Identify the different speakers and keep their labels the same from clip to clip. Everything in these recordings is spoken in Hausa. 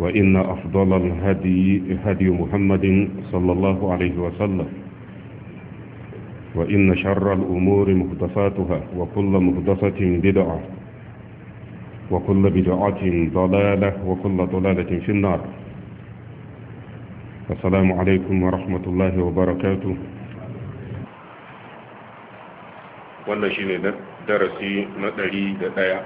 Speaker 1: وإن أفضل الهدي هدي محمد صلى الله عليه وسلم وإن شر الأمور مهدفاتها وكل مهدفة بدعة وكل بدعة ضلالة وكل ضلالة في النار السلام عليكم ورحمة الله وبركاته wannan shine darasi na ɗari da ɗaya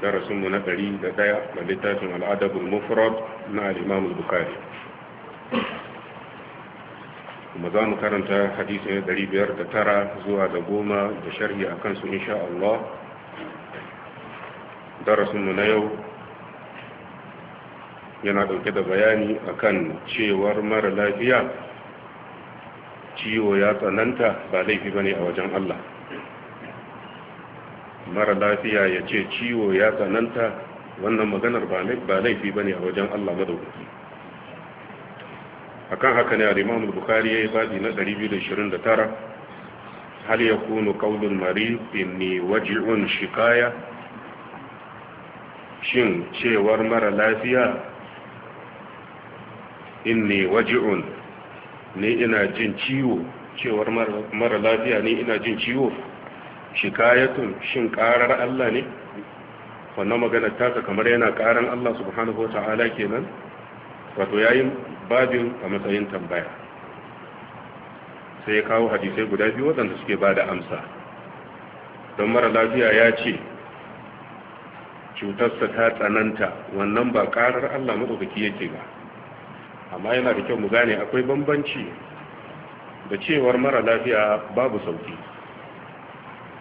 Speaker 1: darasinmu na ɗari da ɗaya na littafin al'adabul mufrad na al'imamul bukari kuma za mu karanta hadisi na ɗari biyar da tara zuwa da goma da sharhi a kansu insha Allah darasinmu na yau yana ɗauke da bayani akan cewar mara lafiya ciwo ya tsananta ba laifi bane a wajen Allah mara lafiya ya ce ciwo ya tsananta wannan maganar ba laifi ba ne a wajen Allah madaukaki kan haka ne a imam bukhari ya yi babi na 229 hal ya kunu qaulul marid inni waj'un shikaya shin cewar mara lafiya inni waji'un ne ina jin ciwo cewar mara lafiya ne ina jin ciwo shikayatun shin karar Allah ne wannan magana tasa kamar yana karan Allah subhanahu wa ta'ala kenan wato yayin babin a matsayin tambaya sai ya kawo hadisai guda biyu waɗanda suke ba da amsa don mara lafiya ya ce cutarsa ta tsananta wannan ba karar Allah maɗaukaki yake ba amma yana da kyau mu gane akwai bambanci da cewar mara lafiya babu sauki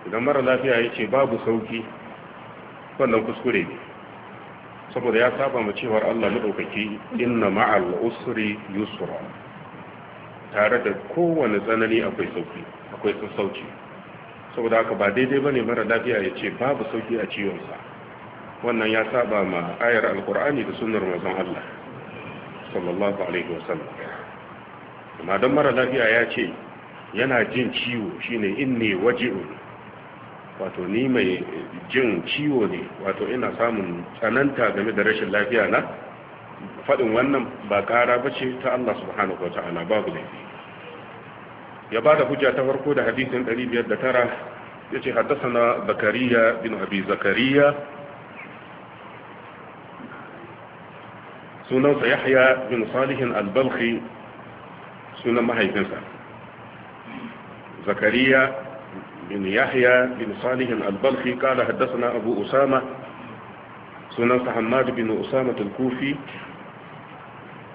Speaker 1: idan mara lafiya ya ce babu sauki wannan kuskure ne saboda ya saba mu cewar Allah madaukaki inna ma'al usri yusra tare da kowane tsanani akwai sauki akwai sassauci saboda haka ba daidai bane mara lafiya ya ce babu sauki a ciwon sa, wannan ya saba ma ayar alkur'ani da sunnar manzon Allah sallallahu alaihi wasallam amma dan mara lafiya ya ce yana jin ciwo shine inni waji'u wato ni mai jin ciwo ne wato ina samun tsananta game da rashin lafiya na faɗin wannan ba ƙara ba ce ta Allah subhanahu wa ta'ala babu laifi ya ba da hujja ta farko da hadisin 509 ya ce haddasa na zakariya bin abi zakariya sunansa yahya bin salihin albalki sunan mahaifinsa zakariya بن يحيى بن صالح البلخي قال حدثنا أبو أسامة سنن حماد بن أسامة الكوفي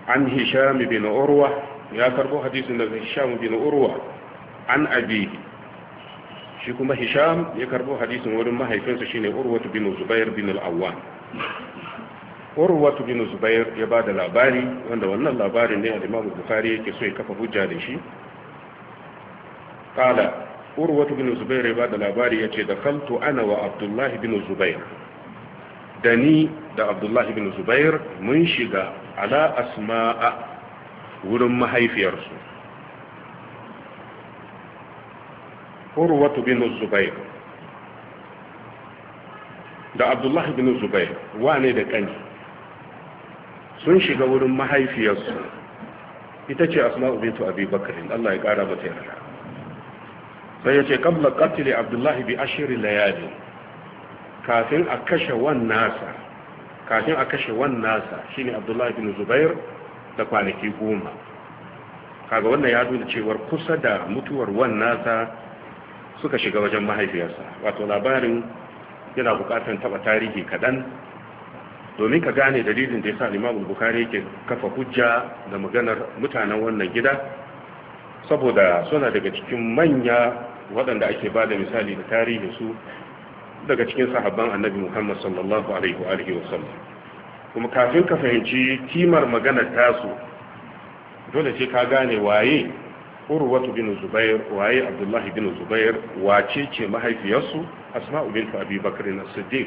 Speaker 1: عن هشام بن أروة يا كربو حديث هشام بن أروة عن أبيه shi kuma hisham ya karbo hadisin wurin mahaifinsa shine urwatu bin zubair bin al-awwam urwatu bin zubair ya ba da labari wanda wannan labarin ne al-imam bukhari yake so ya kafa hujja da shi urwatu bin zubair ya da labari ya yace da kaltu ana wa abdullahi bin zubair da ni da abdullahi bin zubair mun shiga ala asma'a wurin mahaifiyarsu urwatu bin zubair da abdullahi bin zubair wane da kani sun shiga wurin mahaifiyarsu ita ce asma'u bintu abi bakarin Allah ya kara mata yarda sai ya ce kabla katile abdullahi bi ashiri layali kafin a kashe wannasa kafin a kashe wannasa shine abdullahi bin zubair da kwanaki goma kaga wannan ya nuna cewar kusa da mutuwar wannasa suka shiga wajen mahaifiyarsa wato labarin yana buƙatar taba tarihi kadan domin ka gane dalilin da ya sa limamun bukari yake kafa hujja da maganar mutanen wannan gida saboda suna daga cikin manya waɗanda ake ba da misali da tarihi su daga cikin sahabban annabi muhammad sallallahu alaihi wa wasallam kuma kafin ka fahimci kimar maganar tasu dole ce ka gane waye urwatu bin zubair waye abdullahi bin zubair wace ce mahaifiyarsu asma'u bint abi bakr as-siddiq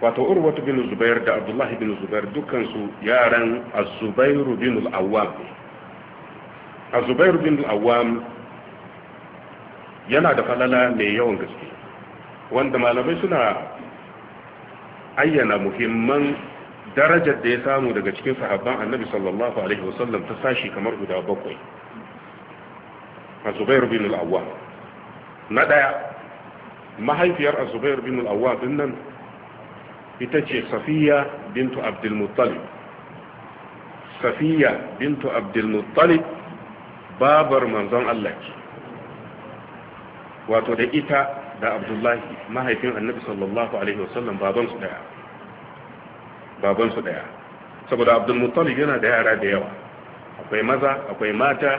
Speaker 1: wato urwatu bin zubair da abdullahi bin zubair su yaran az-zubair bin al-awwam az-zubair bin al-awwam yana da falala mai yawan gaske wanda malamai suna ayyana muhimman darajar da ya samu daga cikin sahabban annabi sallallahu alaihi wasallam ta sashi kamar guda bakwai a zubair bin Awwa. na ɗaya mahaifiyar a zubair bin al'awwa din nan ita ce safiya bintu abdulmuttalib safiya bintu abdulmuttalib babar manzon allah ce wato da ita da abdullahi mahaifin annabi sallallahu alaihi wasallam babansu daya babansu daya saboda abdulmuttalib yana da yara da yawa akwai maza akwai mata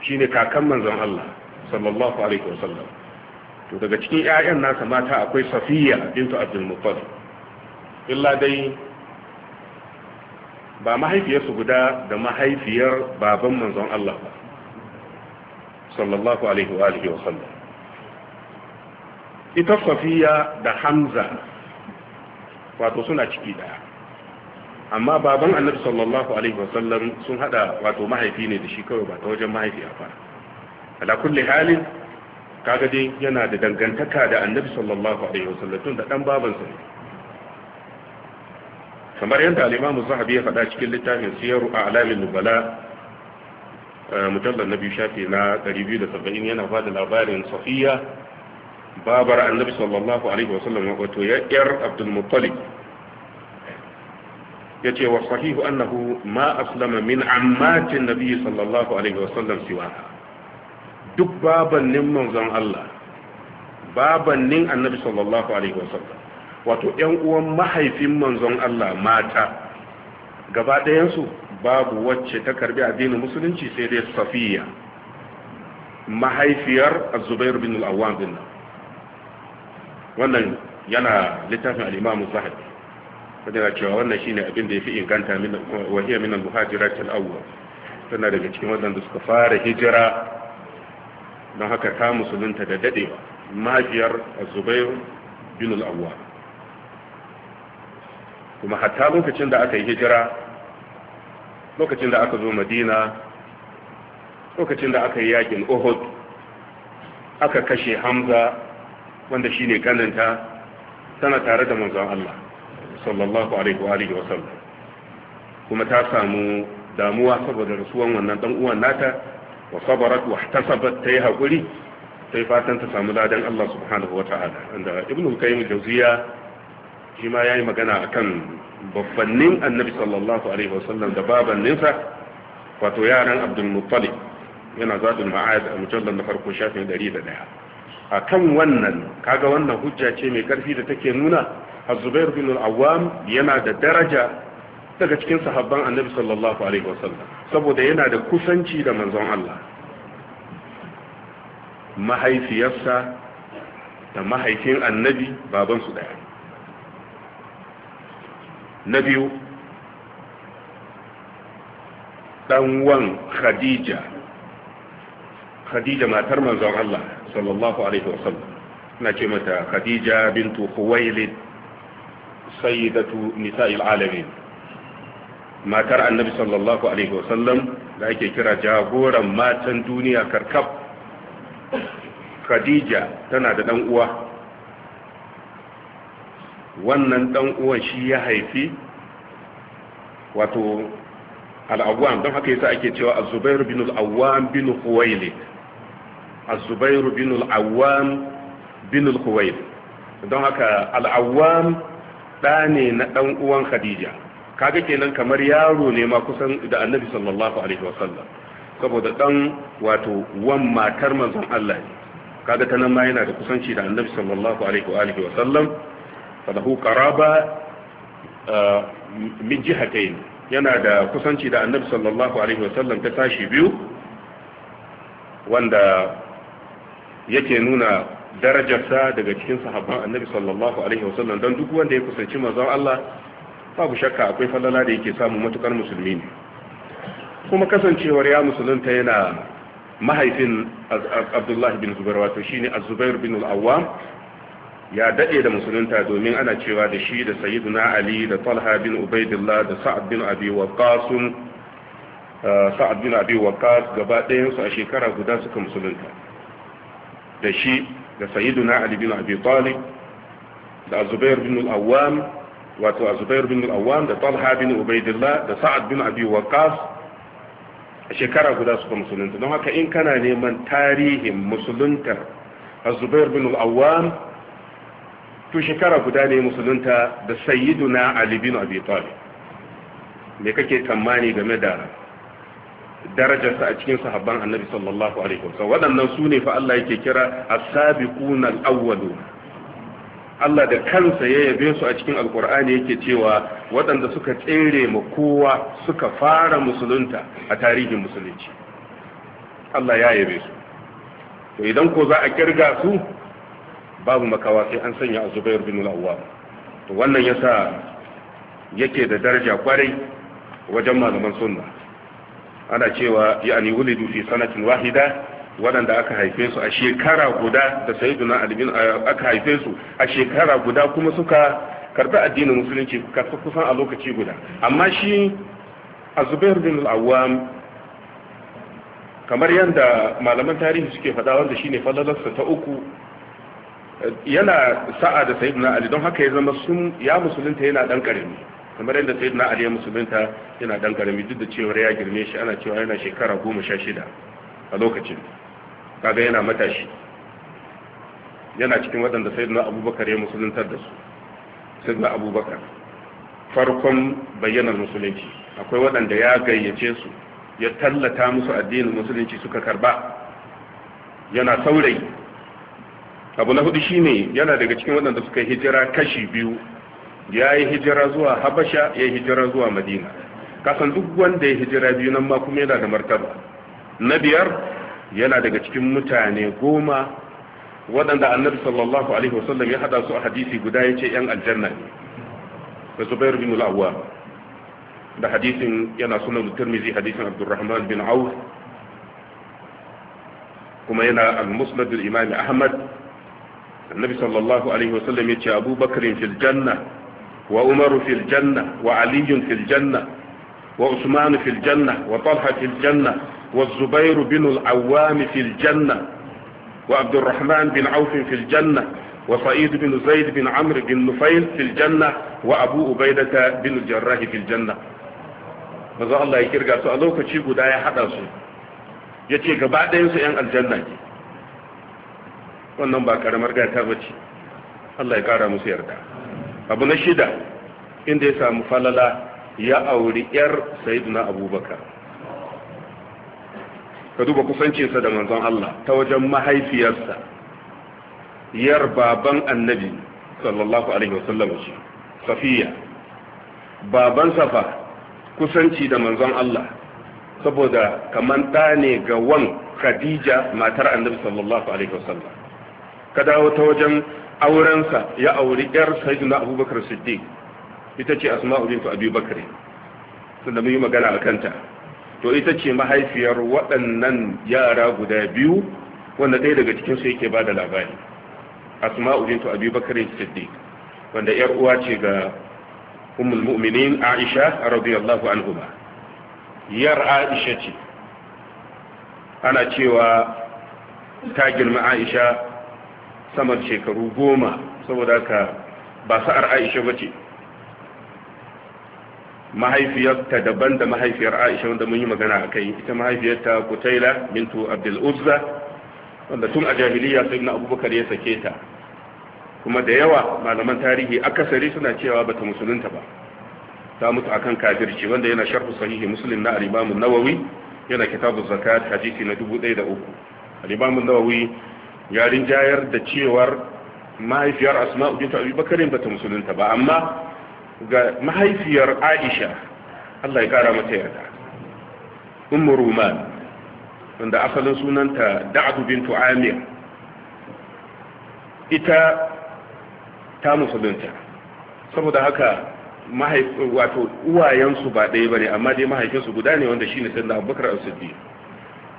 Speaker 1: shine kakan manzon Allah sallallahu alaihi wasallam to daga cikin ƴaƴan nasa mata akwai safiya bintu abdulmuttalib illa dai ba mahaifiyarsu guda da mahaifiyar baban manzon Allah ba sallallahu alaihi wa alihi wa sallam ita safiya da hamza wato suna ciki daya amma baban annabi sallallahu alaihi wasallam sun hada wato mahaifi ne da shi kawai ba ta wajen mahaifiya ba ala kulli halin kaga dai yana da dangantaka da annabi sallallahu alaihi wasallam tun da dan babansa ne kamar yadda al-imam zahabi ya faɗa cikin littafin siyaru a alamin nubala eh, mujallar na biyu shafi na 270 yana ba da labarin safiya babar annabi sallallahu alaihi wasallam wato yar abdul muttalib ya ce wa sahihu annahu ma aslama min ammatin nabi sallallahu alaihi wasallam siwa duk baban nin manzon Allah Baban nin annabi sallallahu alaihi wasallam wato 'yan uwan mahaifin manzon Allah mata gaba ɗayansu babu wacce ta karbi addinin musulunci sai dai safiya mahaifiyar az-zubair bin al-awwam din nan wannan yana littafin al-imam zahabi cewa wannan shi ne abin da ya fi inganta wahiyar minan min al-muhajirat tana daga cikin waɗanda suka fara hijira don haka ta musulunta da dadewa mahajiyar zubair bin al kuma hatta lokacin da aka yi hijira lokacin da aka zo madina lokacin da aka yi yakin uhud aka kashe hamza wanda shine kaninta tana tare da manzon Allah sallallahu alaihi wa alihi wasallam kuma ta samu damuwa saboda rasuwan wannan dan uwan nata wa sabarat wa ihtasabat tayi hakuri sai fatan ta samu ladan Allah subhanahu wa ta'ala inda ibnu qayyim jawziya shi ma yayi magana akan babbannin annabi sallallahu alaihi wasallam da babanninsa wato yaran abdul muttalib yana zadul ma'ad a mujallar na farko shafin 101 akan wannan kaga wannan hujja ce mai ƙarfi da take nuna az bin al yana da daraja daga cikin sahabban annabi sallallahu alaihi wasallam saboda yana da kusanci da manzon Allah mahaifiyarsa da mahaifin annabi baban su daya na biyu ɗan wan khadija khadija matar manzon Allah sallallahu alaihi wasallam na ce mata khadija bintu khuwailid sayyidatu nisa'il alamin matar annabi sallallahu alaihi wasallam da ake kira jagoran matan duniya karkab khadija tana da dan uwa wannan dan uwan shi ya haifi wato al'awwam don haka yasa ake cewa az-zubair bin al-awwam bin khuwailid az-zubair bin al-awwam bin al don haka al-awwam da ne na dan uwan khadija kaga kenan kamar yaro ne ma kusan da annabi sallallahu alaihi wasallam saboda dan wato wan matar manzon Allah ne kaga ta nan ma yana da kusanci da annabi sallallahu alaihi wa alihi wasallam falahu qaraba uh, min jihatayn yana da kusanci da annabi sallallahu alaihi wasallam ta tashi biyu wanda yake nuna darajarsa daga cikin sahabban annabi sallallahu alaihi wasallam don duk wanda ya kusanci manzon Allah babu shakka akwai falala da yake samu matukar musulmi ne kuma kasancewar ya musulunta yana mahaifin abdullahi bin zubair wato shine az-zubair bin al-awwam ya dade da musulunta domin ana cewa da shi da sayyiduna ali da talha bin ubaidillah da sa'ad bin abi waqqas uh, sa'ad bin abi waqqas gaba ɗayan su a shekara guda suka musulunta da shi da sayyiduna ali bin abi talib da azubair bin al-awwam wato azubair bin al-awwam da talha bin ubaidillah da sa'ad bin abi waqas a shekara guda suka musulunta don haka in kana neman tarihin musuluntar azubair bin al-awwam to shekara guda ne musulunta da sayyiduna ali bin abi talib me kake tsammani game da darajarsa a cikin sahabban annabi sallallahu alaihi wasallam waɗannan su ne fa Allah yake kira as-sabiqun al Allah da kansa ya yabe su a cikin alkur'ani yake cewa waɗanda suka tsere ma kowa suka fara musulunta a tarihin musulunci Allah ya yabe su to idan ko za a kirga su babu makawa sai an sanya a zubair bin al-awwam to wannan yasa yake da daraja kwarai wajen malaman sunna ana cewa ya'ani wulidu fi sanatin wahida waɗanda aka haife su a shekara guda da sayyiduna albin eh, aka haife su a shekara guda kuma suka karbi addinin musulunci kusan a lokaci guda amma shi azubair bin al-awwam kamar yadda malaman tarihi suke faɗa wanda shine fadalarsa ta uku eh, yana sa'a da sayyiduna ali don haka ya zama sun ya musulunta yana dan karami kamar yadda sai na aliyu musulunta yana dan karami duk da cewar ya girme shi ana cewa yana shekara goma sha shida a lokacin kaga yana matashi yana cikin waɗanda sai na abubakar ya musuluntar da su sai na abubakar farkon bayyanar musulunci akwai waɗanda ya gayyace su ya tallata musu addinin musulunci suka karba yana saurayi abu na hudu shine yana daga cikin waɗanda suka hijira kashi biyu ya yi hijira zuwa habasha ya yi hijira zuwa madina kasan duk wanda ya hijira biyu nan ma kuma yana da martaba na biyar yana daga cikin mutane goma waɗanda annabi sallallahu alaihi wasallam ya hada su a hadisi guda ya ce yan aljanna ne da zubair bin al'awwa da hadisin yana sunan turmizi hadisin abdurrahman bin auf kuma yana al-musnad al-imam ahmad annabi sallallahu alaihi wasallam ya ce abubakar fil janna wa umaru filjanna janna wa aliyun fil wa usman fil janna wa talha fil janna wa zubair bin al-awwam wa abd arrahman bin auf fil wa sa'id bin zaid bin amr bin nufail fil wa abu ubaidah bin al-jarrah fil janna manzo Allah ya kirga su a lokaci guda ya hada su yace gaba su yan aljanna wannan ba karamar gata bace Allah ya kara musu yarda abu na shida inda ya samu falala ya auri yar sayyiduna abubakar ka duba kusancinsa da manzon Allah ta wajen mahaifiyarsa yar baban annabi sallallahu alaihi wasallam ce safiya baban safa kusanci da manzon Allah saboda kaman ɗa ne ga wan khadija matar annabi sallallahu alaihi wasallam ka dawo ta wajen aurensa ya auri yar sayyidina abubakar siddiq ita ce asma'u bintu abi bakri da mun yi magana a kanta to ita ce mahaifiyar waɗannan yara guda biyu wanda ɗaya daga cikin su yake ba da labari asma'u bintu abi siddiq wanda yar uwa ce ga ummul mu'minin aisha radiyallahu anhuma yar aisha ce ana cewa ta girma aisha Samar shekaru goma saboda ka ba sa'ar aisha ba ce mahaifiyarta daban da mahaifiyar aisha wanda mun yi magana a kai ita mahaifiyarta kutaila bintu abdul uzza wanda tun a jahiliya sai na abubakar ya sake ta kuma da yawa malaman tarihi akasari suna cewa bata musulunta ba ta mutu akan kafirci wanda yana sharhu sahihi muslim na al nawawi yana kitabu zakat hadisi na 1003 da uku. nawawi yarin jayar da cewar mahaifiyar asma'u bint abi bakarin bata musulunta ba amma ga mahaifiyar aisha Allah ya kara mata yarda Umar ruman wanda asalin sunanta Da'adu bin amir ita ta musulunta saboda haka wato uwayensu ba ɗaya ba ne amma dai mahaifinsu guda ne wanda shi ne sanda abubakar al-siddi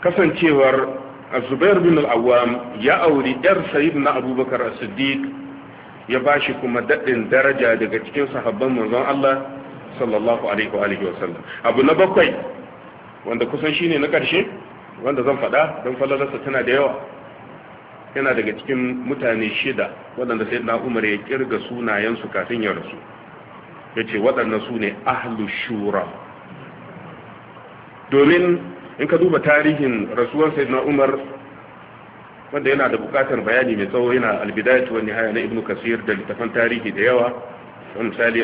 Speaker 1: kasancewar azubair bin al-Awwam ya auri yar sayid na abubakar siddiq ya bashi kuma daɗin daraja daga cikin sahabban manzon Allah sallallahu alaihi wa alihi abu na bakwai wanda kusan shine na ƙarshe wanda zan faɗa don falalarsa tana da yawa yana daga cikin mutane shida waɗanda sai na umar ya kirga sunayensu kafin ya rasu yace ce su ne ahlu shura domin in ka duba tarihin rasuwar sayyidina umar wanda yana da bukatar bayani mai tsawo yana albidayatu wani haya na ibnu kasir da littafan tarihi da yawa wani misali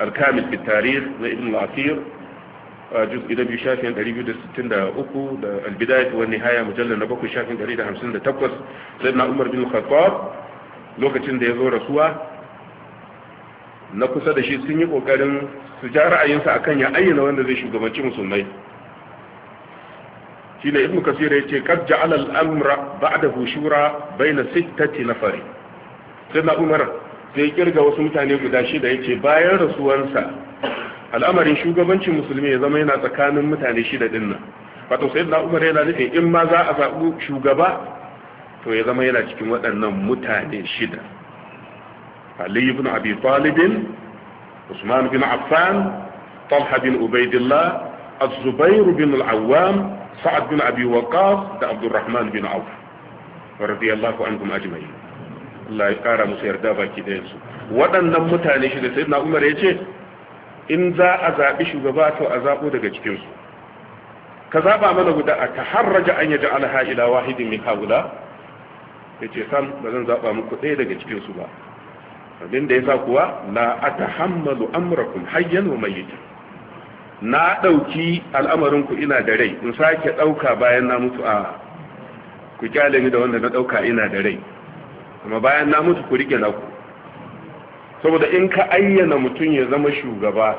Speaker 1: alkamil fi tarih na ibnu asir juz'i na biyu shafin 263 da albidayatu wani haya mujallar na bakwai shafin 158 sayyidina umar bin khattab lokacin da ya zo rasuwa na kusa da shi sun yi kokarin su ja ra'ayinsa akan ya ayyana wanda zai shugabanci musulmai shine ibnu kasir ce qad ja'ala al-amra ba'dahu shura baina sittati nafari sai na umar sai kirga wasu mutane guda shida yace bayan rasuwarsa al'amarin shugabancin musulmi ya zama yana tsakanin mutane shida din nan wato sai na umar yana nufin in ma za a zaɓi shugaba to ya zama yana cikin waɗannan mutane shida ali ibn abi talib usman bin affan talha bin ubaidillah az-zubair bin al sa'ad bin abi waqas da abdurrahman bin auf radiyallahu anhum ajma'in Allah ya kara musu yarda baki da yansu waɗannan mutane shi da sayyidina umar ya ce in za a zaɓi shugaba to a zaɓo daga cikinsu ka zaɓa mana guda a ta harraja an yaji alha ila wahidin min haula ya ce sam ba zan zaɓa muku ɗaya daga cikinsu ba abin da ya sa kuwa la a ta hammalu amurakum hayyan wa mayyitin na ɗauki al'amarinku ina da rai in sake ɗauka bayan na mutu a ku kyale ni da wanda na ɗauka ina da rai kuma bayan na mutu ku rike naku saboda in ka ayyana mutum ya zama shugaba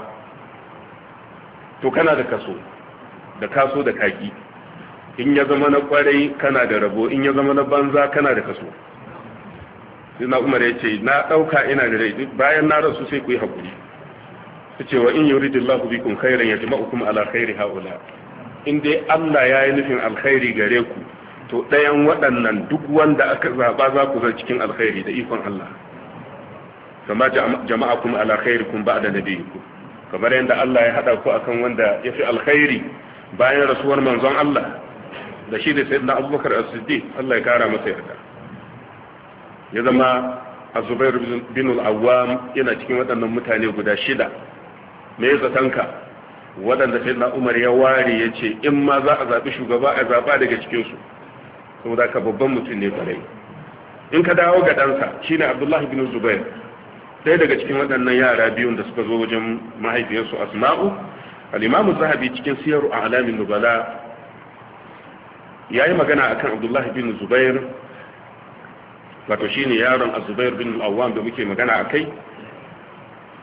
Speaker 1: to kana da kaso da kaso da kaki in ya zama na kwarai kana da rabo in ya zama na banza kana da kaso sai na umar ya ce na ɗauka ina da rai bayan na rasu sai ku yi haƙuri tace wa in yuridillahu bikum khairan yajma'ukum ala khairi haula in dai Allah ya yi nufin alkhairi gare ku to ɗayan waɗannan duk wanda aka zaba za ku zan cikin alkhairi da ikon Allah kama jama'a kuma ala da ba'da ku kamar yadda Allah ya haɗa ku akan wanda ya fi alkhairi bayan rasuwar manzon Allah da shi da sayyidina Abubakar as Allah ya kara masa yarda ya zama Azubair bin al-Awwam yana cikin waɗannan mutane guda shida me ya zatanka waɗanda sai na umar ya ware ya ce in ma za a zaɓi shugaba a zaɓa daga cikinsu saboda ka babban mutum ne kwarai in ka dawo ga ɗansa shine abdullahi bin zubair ɗaya daga cikin waɗannan yara biyun da suka zo wajen mahaifiyarsu asma'u al'imamu zahabi cikin siyaru a alamin nubala ya yi magana a kan abdullahi bin zubair wato shine yaron azubair bin awam da muke magana a kai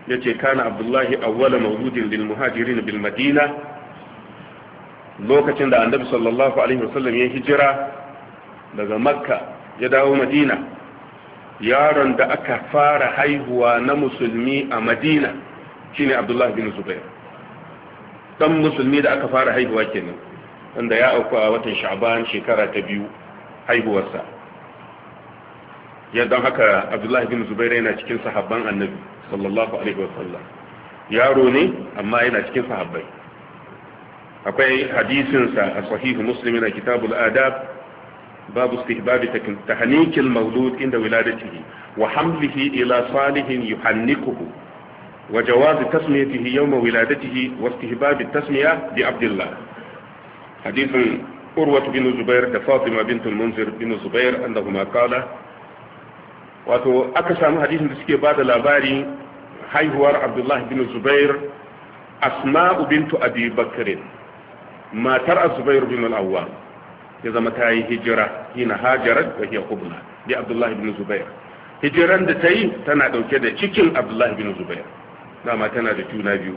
Speaker 1: ya ce kana abdullahi awwala mawudin lil muhajirin bil madina lokacin da annabi sallallahu alaihi wasallam ya hijira daga makka ya dawo madina yaron da aka fara haihuwa na musulmi a madina shine abdullahi bin zubair dan musulmi da aka fara haihuwa kenan wanda ya auku a watan sha'ban shekara ta biyu haihuwarsa ya don haka abdullahi bin zubair yana cikin sahabban annabi sallallahu alaihi sallam yaro ne amma yana cikin sahabbai akwai hadisin sa a sahihu muslim na kitabul adab babu istihbab tahnik al-mawlud inda wiladatihi wa hamlihi ila salihin yuhannikuhu wa jawaz tasmiyatihi yawm wiladatihi wa istihbab tasmiya bi abdillah hadisin urwa bin zubair da fatima bint al-munzir bin zubair annahuma qala wato aka samu hadisin da suke bada labari haihuwar abdullah bin zubair asma'u bintu abi bakr matar az-zubair bin al ya zama ta yi hijira hina hajarat da hiya qubla bi abdullah bin zubair hijiran da ta yi tana dauke da cikin abdullah bin zubair dama tana da juna biyu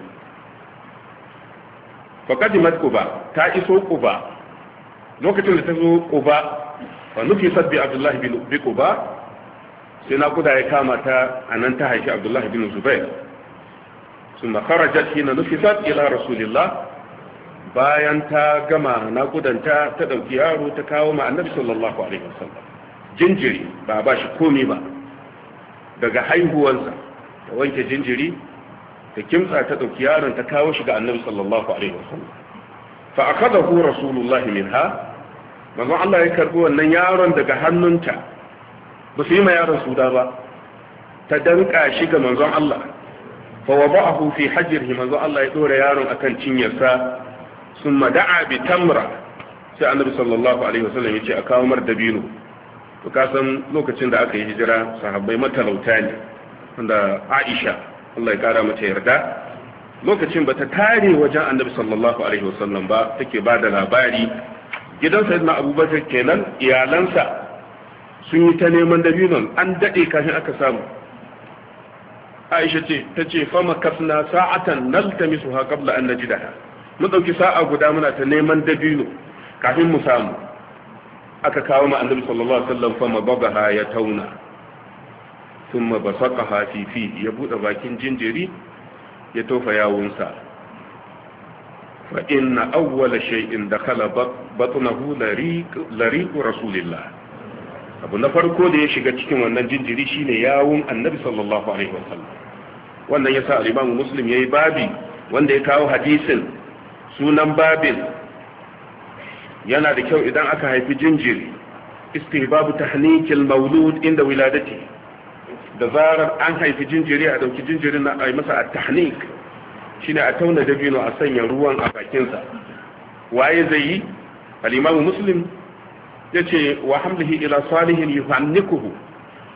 Speaker 1: faqadimat kuba ta iso kuba lokacin da ta zo kuba fa nufi sabbi abdullah bin kuba sai naƙuda ya kama ta a nan ta haifi abdullahi bin zubair sun makarajat hina nufisat ila rasulillah bayan ta gama naƙudanta ta ɗauki yaro ta kawo ma annabi sallallahu alaihi wasallam jinjiri ba ba shi komi ba daga haihuwansa ta wanke jinjiri ta kimtsa ta ɗauki yaron ta kawo shi ga annabi sallallahu alaihi wasallam fa akadahu rasulullahi minha manzo Allah ya karbi wannan yaron daga hannunta ba su yi ma yaron suda ba ta danka shi ga manzon Allah fa wada'ahu fi hajrihi manzon Allah ya dora yaron akan cinyarsa summa da'a bi tamra sai annabi sallallahu alaihi wasallam yace a kawo mar dabino to ka san lokacin da aka yi hijira sahabbai matalauta ne wanda Aisha Allah ya kara mata yarda lokacin ba ta tare wajen annabi sallallahu alaihi wasallam ba take ba da labari gidan sayyidina abubakar kenan iyalansa sun yi ta neman dabino an daɗe kafin aka samu aisha ce ta ce fama kafna sa'atan naltamisu ha qabla an najidaha mu dauki sa'a guda muna ta neman dabino kafin mu samu aka kawo ma annabi sallallahu alaihi wasallam fama bagaha ya tauna thumma basaqaha fi fi ya buɗe bakin jinjiri ya tofa yawunsa fa inna awwala shay'in dakhala batnahu lariq lariq rasulillah abu na farko da ya shiga cikin wannan jinjiri shine yawun annabi sallallahu alaihi wasallam wannan yasa al-imamu muslim yayi babi wanda ya kawo hadisin sunan babin yana da kyau idan aka haifi jinjiri istihbabu tahnikil mawlud inda wiladati da zarar an haifi jinjiri a dauki jinjirin na ai masa at-tahnik shine a tauna dabino a sanya ruwan a bakin sa waye zai yi al-imamu muslim yace wa hamlihi ila salihin yufannikuhu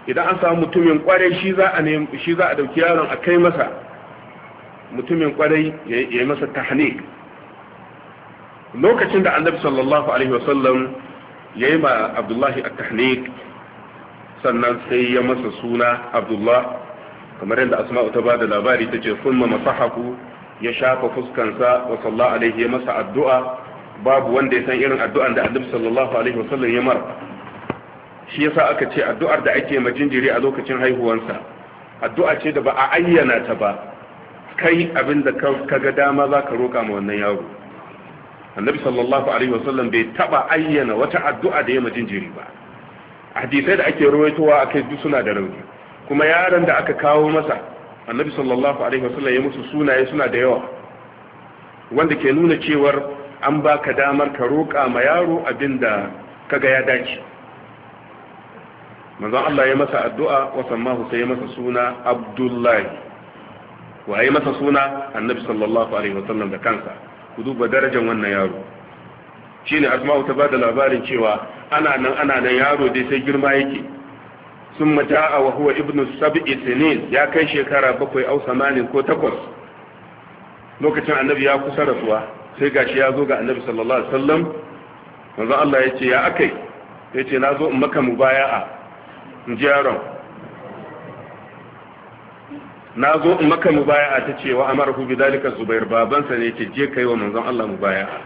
Speaker 1: idan an samu mutumin kwarai shi za a shi za a dauki yaron a kai masa mutumin kwarai ya yi masa lokacin da annabi sallallahu alaihi wasallam ya yi ma abdullahi at-tahnik sannan sai ya masa suna abdullah kamar yadda asma'u ta bada labari ta ce summa masahaku ya shafa fuskansa wa alaihi ya masa addu'a babu wanda ya san irin addu'an da annabi sallallahu alaihi wasallam ya mar shi yasa aka ce addu'ar da ake ma jinjiri a lokacin haihuwansa addu'a ce da ba a ayyana ta ba kai abin da ka ga dama za ka roƙa ma wannan yaro annabi sallallahu alaihi wasallam bai taba ayyana wata addu'a da ya ma jinjiri ba hadisai da ake rawaitowa akai duk suna da rauni kuma yaran da aka kawo masa annabi sallallahu alaihi wasallam ya musu sunaye suna da yawa wanda ke nuna cewar an baka damar ka roƙa ma yaro abinda kaga ya dace manzon Allah ya masa addu'a wasan sammahu sai ya masa suna Abdullahi wa ya masa suna Annabi sallallahu alaihi wasallam da kansa ku duba darajar wannan yaro Shi ne Asma'u ta ba da labarin cewa ana nan ana nan yaro dai sai girma yake sun mata a wahuwa ibnu sab'i sinin ya kai shekara bakwai au samanin ko takwas lokacin annabi ya kusa rasuwa sai gashi ya zo ga annabi sallallahu alaihi wasallam manzo Allah ya ce ya akai ya ce na zo in maka mubaya'a in ji yaron na zo in maka mubaya'a ta ce wa amarahu bi dalika zubair babansa ne yace je kai wa manzon Allah mubaya'a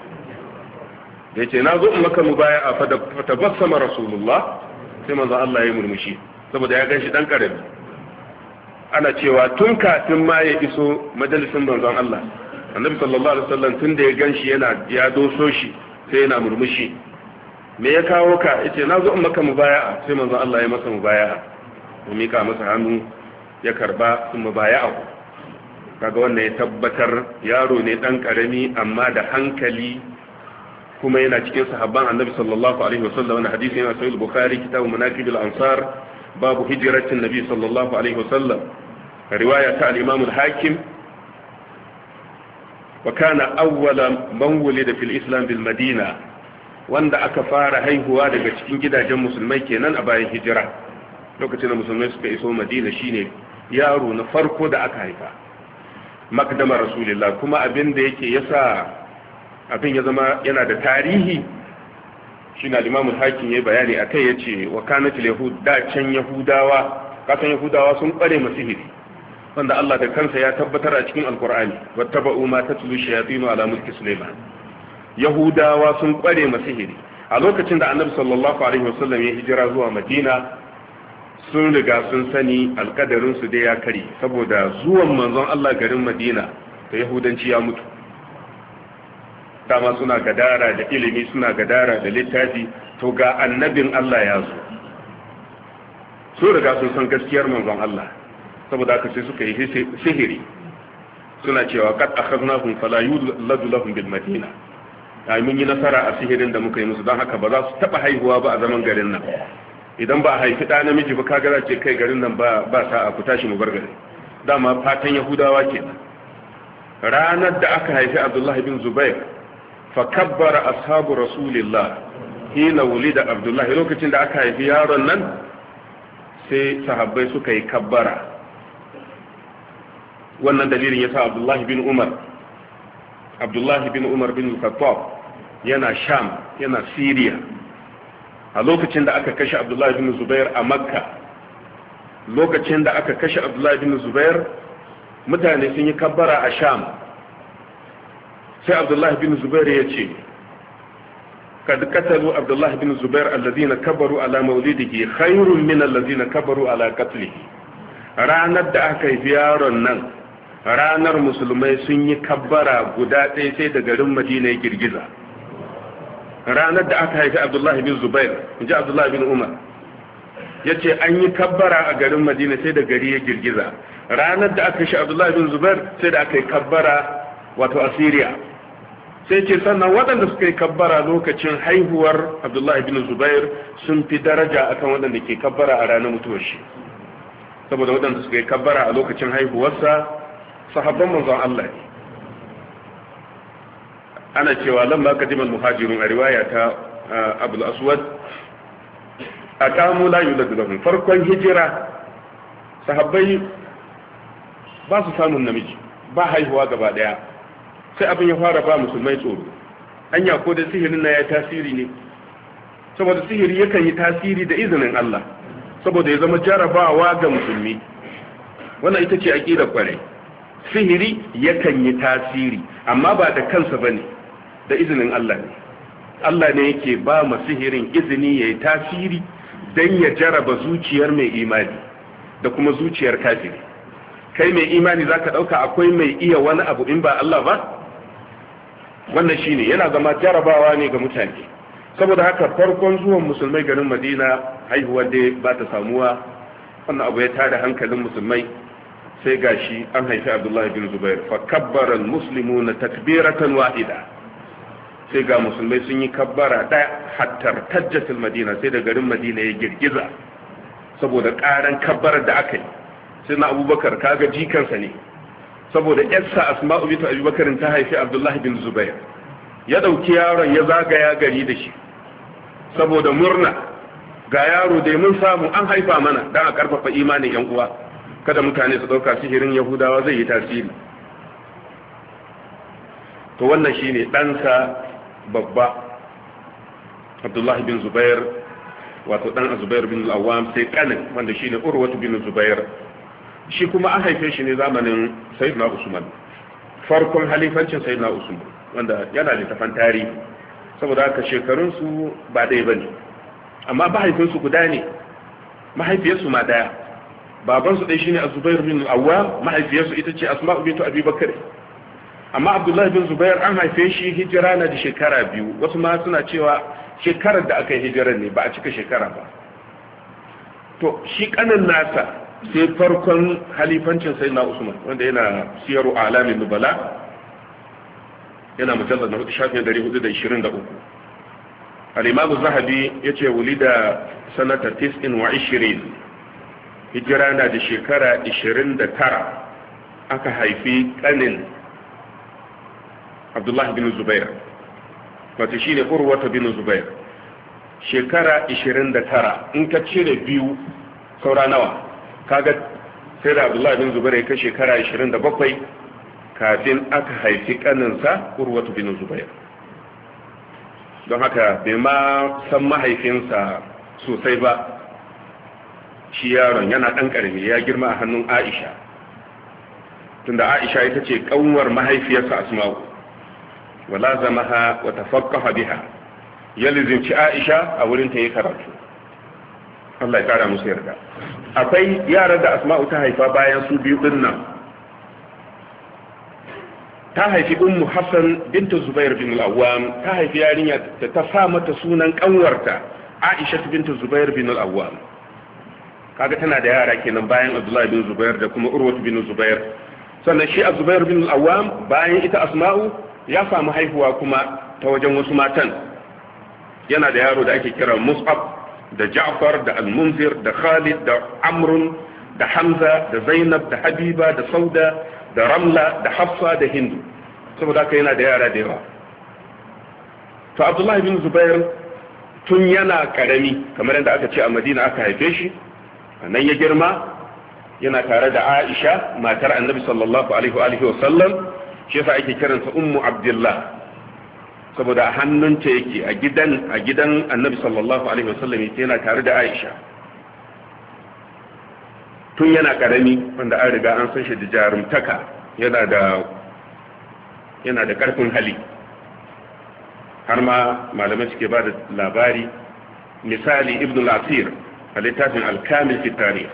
Speaker 1: yace na zo in maka mubaya'a fa da tabassama rasulullah sai manzon Allah ya murmushi saboda ya ganshi dan karami ana cewa tun kafin ma ya iso majalisin manzon Allah annabi sallallahu alaihi wasallam tun da ya ganshi yana ya doso shi sai yana murmushi me ya kawo ka yace na zo in maka mubaya'a sai manzon Allah ya masa mubaya'a ya mika masa hannu ya karba sun mubaya'a kaga wannan ya tabbatar yaro ne dan karami amma da hankali kuma yana cikin sahabban annabi sallallahu alaihi wasallam wannan hadisi yana sahih bukhari kitabu manaqib al-ansar babu hijratin nabi sallallahu alaihi wasallam riwaya ta al-imam al-hakim wa kana awwala man wulida fil islam bil madina wanda aka fara haihuwa daga cikin gidajen musulmai kenan a bayan hijira lokacin da musulmai suka iso madina shine yaro na farko da aka haifa makdama rasulillah kuma abin da yake yasa abin ya zama yana da tarihi shi limamin limamun hakim ya bayani a kai ya ce wa yahud da can yahudawa kasan yahudawa sun kware masihiri wanda Allah da kansa ya tabbatar a cikin alkur'ani wattaba'u ma tatlu shayatinu ala mulki sulaiman yahudawa sun kware masihiri a lokacin da annabi sallallahu alaihi wasallam ya hijira zuwa madina sun riga sun sani alkadarin su da ya kare saboda zuwan manzon Allah garin madina da yahudanci ya mutu dama suna gadara da ilimi suna gadara da littafi to ga annabin Allah ya zo sun riga sun san gaskiyar manzon Allah saboda aka sai suka yi sihiri suna cewa kad akhadnahum fala yuladu lahum bil madina ai mun yi nasara a sihirin da muka yi musu don haka ba za su taba haihuwa ba a zaman garin nan idan ba a haifi ɗa namiji ba kaga za ce kai garin nan ba ba sa a ku tashi mu bar gari dama fatan yahudawa kenan ranar da aka haifi abdullahi bin zubair fa kabbara ashabu rasulillah hina wulida abdullahi lokacin da aka haifi yaron nan sai sahabbai suka yi kabbara wannan dalilin ya sa abdullahi bin umar abdullahi bin umar bin khattab yana sham yana siriya a lokacin da aka kashe abdullahi bin zubair a makka lokacin da aka kashe abdullahi bin zubair mutane sun yi kabbara a sham sai abdullahi bin zubair ya ce kad katalu abdullahi bin zubair allazina kabaru ala maulidihi khairun min allazina kabaru ala qatlihi ranar da aka yi yaron nan ranar musulmai sun yi kabbara guda ɗaya sai da garin madina ya girgiza ranar da aka haifi abdullahi bin zubair ji abdullahi bin umar ya ce an yi kabbara a garin madina sai da gari ya girgiza ranar da aka shi abdullahi bin zubair sai da aka yi kabbara wato asiriya sai ce sannan waɗanda suka yi kabbara lokacin haihuwar abdullahi bin zubair sun fi daraja akan waɗanda ke kabbara a ranar mutuwar shi saboda waɗanda suka yi kabbara a lokacin haihuwarsa sahabban manzon Allah ne ana cewa ka jimal muhajirun a riwaya ta abul aswad kamu la yuladu lahum farkon hijira sahabbai ba su samun namiji ba haihuwa gaba daya sai abin ya fara ba musulmai tsoro anya ko da sihirin na ya tasiri ne saboda sihiri yakan yi tasiri da izinin Allah saboda ya zama jarabawa ga musulmi wannan ita ce aqidar kwarai sihiri yakan yi tasiri amma ba da kansa ba ne, da izinin Allah ne Allah ne yake ba ma sihirin izini yayi tasiri dan ya jaraba zuciyar mai imani da kuma zuciyar kafiri kai mai imani zaka ɗauka akwai mai iya wani abu in ba Allah ba wannan shine yana zama jarabawa ne ga mutane saboda haka farkon zuwan musulmai garin Madina haihuwar da ba ta samuwa wannan abu ya tada hankalin musulmai sai gashi an haifi abdullahi bin zubair fa kabbara muslimuna takbiratan wahida sai ga musulmai sun yi kabbara da hattar tajjatul madina sai da garin madina ya girgiza saboda karan kabbarar da aka yi sai na abubakar kaga jikansa ne saboda yarsa asma'u bint abubakar ta haifi abdullahi bin zubair ya dauki yaron ya zagaya gari da shi saboda murna ga yaro da mun samu an haifa mana dan a karfafa imanin yan uwa kada mutane su dauka sihirin yahudawa zai yi tasiri to wannan shine ɗansa babba abdullahi bin zubair wato ɗan zubair bin al'awam sai kanin wanda shine urwatu bin zubair shi kuma an haife shi ne zamanin sayyidina usman farkon halifancin sayyidina usman wanda yana littafan tarihi saboda haka shekarunsu ba ɗaya ba ne amma mahaifinsu guda ne mahaifiyarsu ma ɗaya su dai shine az-zubair bin awwam mahaifiyarsu ita ce asma'u bintu abi bakr amma abdullahi bin zubair an haife shi hijira na da shekara biyu wasu ma suna cewa shekarar da aka yi hijirar ne ba a cika shekara ba to shi kanin nasa sai farkon halifancin sai na usman wanda yana siyaru alamin nubala yana mujallar na shafin 423 al-imam zahabi yace wulida sanata 29 hijira na da shekara 29 aka haifi kanin abdullahi bin zubair wata shi ne urwata bin zubair shekara 29 in ka cire biyu saura nawa kaga sai da abdullahi bin zubair ya shekara 27 kafin aka haifi kaninsa urwata bin zubair don haka bai ma san mahaifinsa sosai ba shi yaron yana ɗan ƙarami ya girma a hannun aisha tunda aisha ita ce ƙanwar mahaifiyarsa asma'u wala zama ha wata fakkafa biha ya lizinci aisha a wurin ta yi karatu Allah ya kara musu yarda akwai yaran da asma'u ta haifa bayan su biyu din nan ta haifi ummu hassan binta zubair bin al-awwam ta haifi yarinya da ta sa mata sunan kanwarta aisha binta zubair bin al-awwam kaga tana da yara kenan bayan abdullahi bin zubair da kuma urwatu bin zubair sannan shi zubair bin awam bayan ita asma'u ya samu haihuwa kuma ta wajen wasu matan yana da yaro da ake kira mus'ab da ja'far da al-munzir da khalid da amrun da hamza da zainab da habiba da sauda da ramla da hafsa da hindu saboda haka yana da yara da yawa to abdullahi bin zubair tun yana karami kamar yadda aka ce a madina aka haife shi nan ya girma yana tare da Aisha matar Annabi sallallahu alaihi wa sallam shi yasa ake kiransa Ummu Abdullah saboda a hannunta yake a gidan a gidan Annabi sallallahu alaihi wa sallam yana tare da Aisha tun yana karami wanda an riga an san shi da jarumtaka yana da yana da karfin hali har ma malamai suke ba da labari misali ibn al-asir a littafin alkamil fi tarih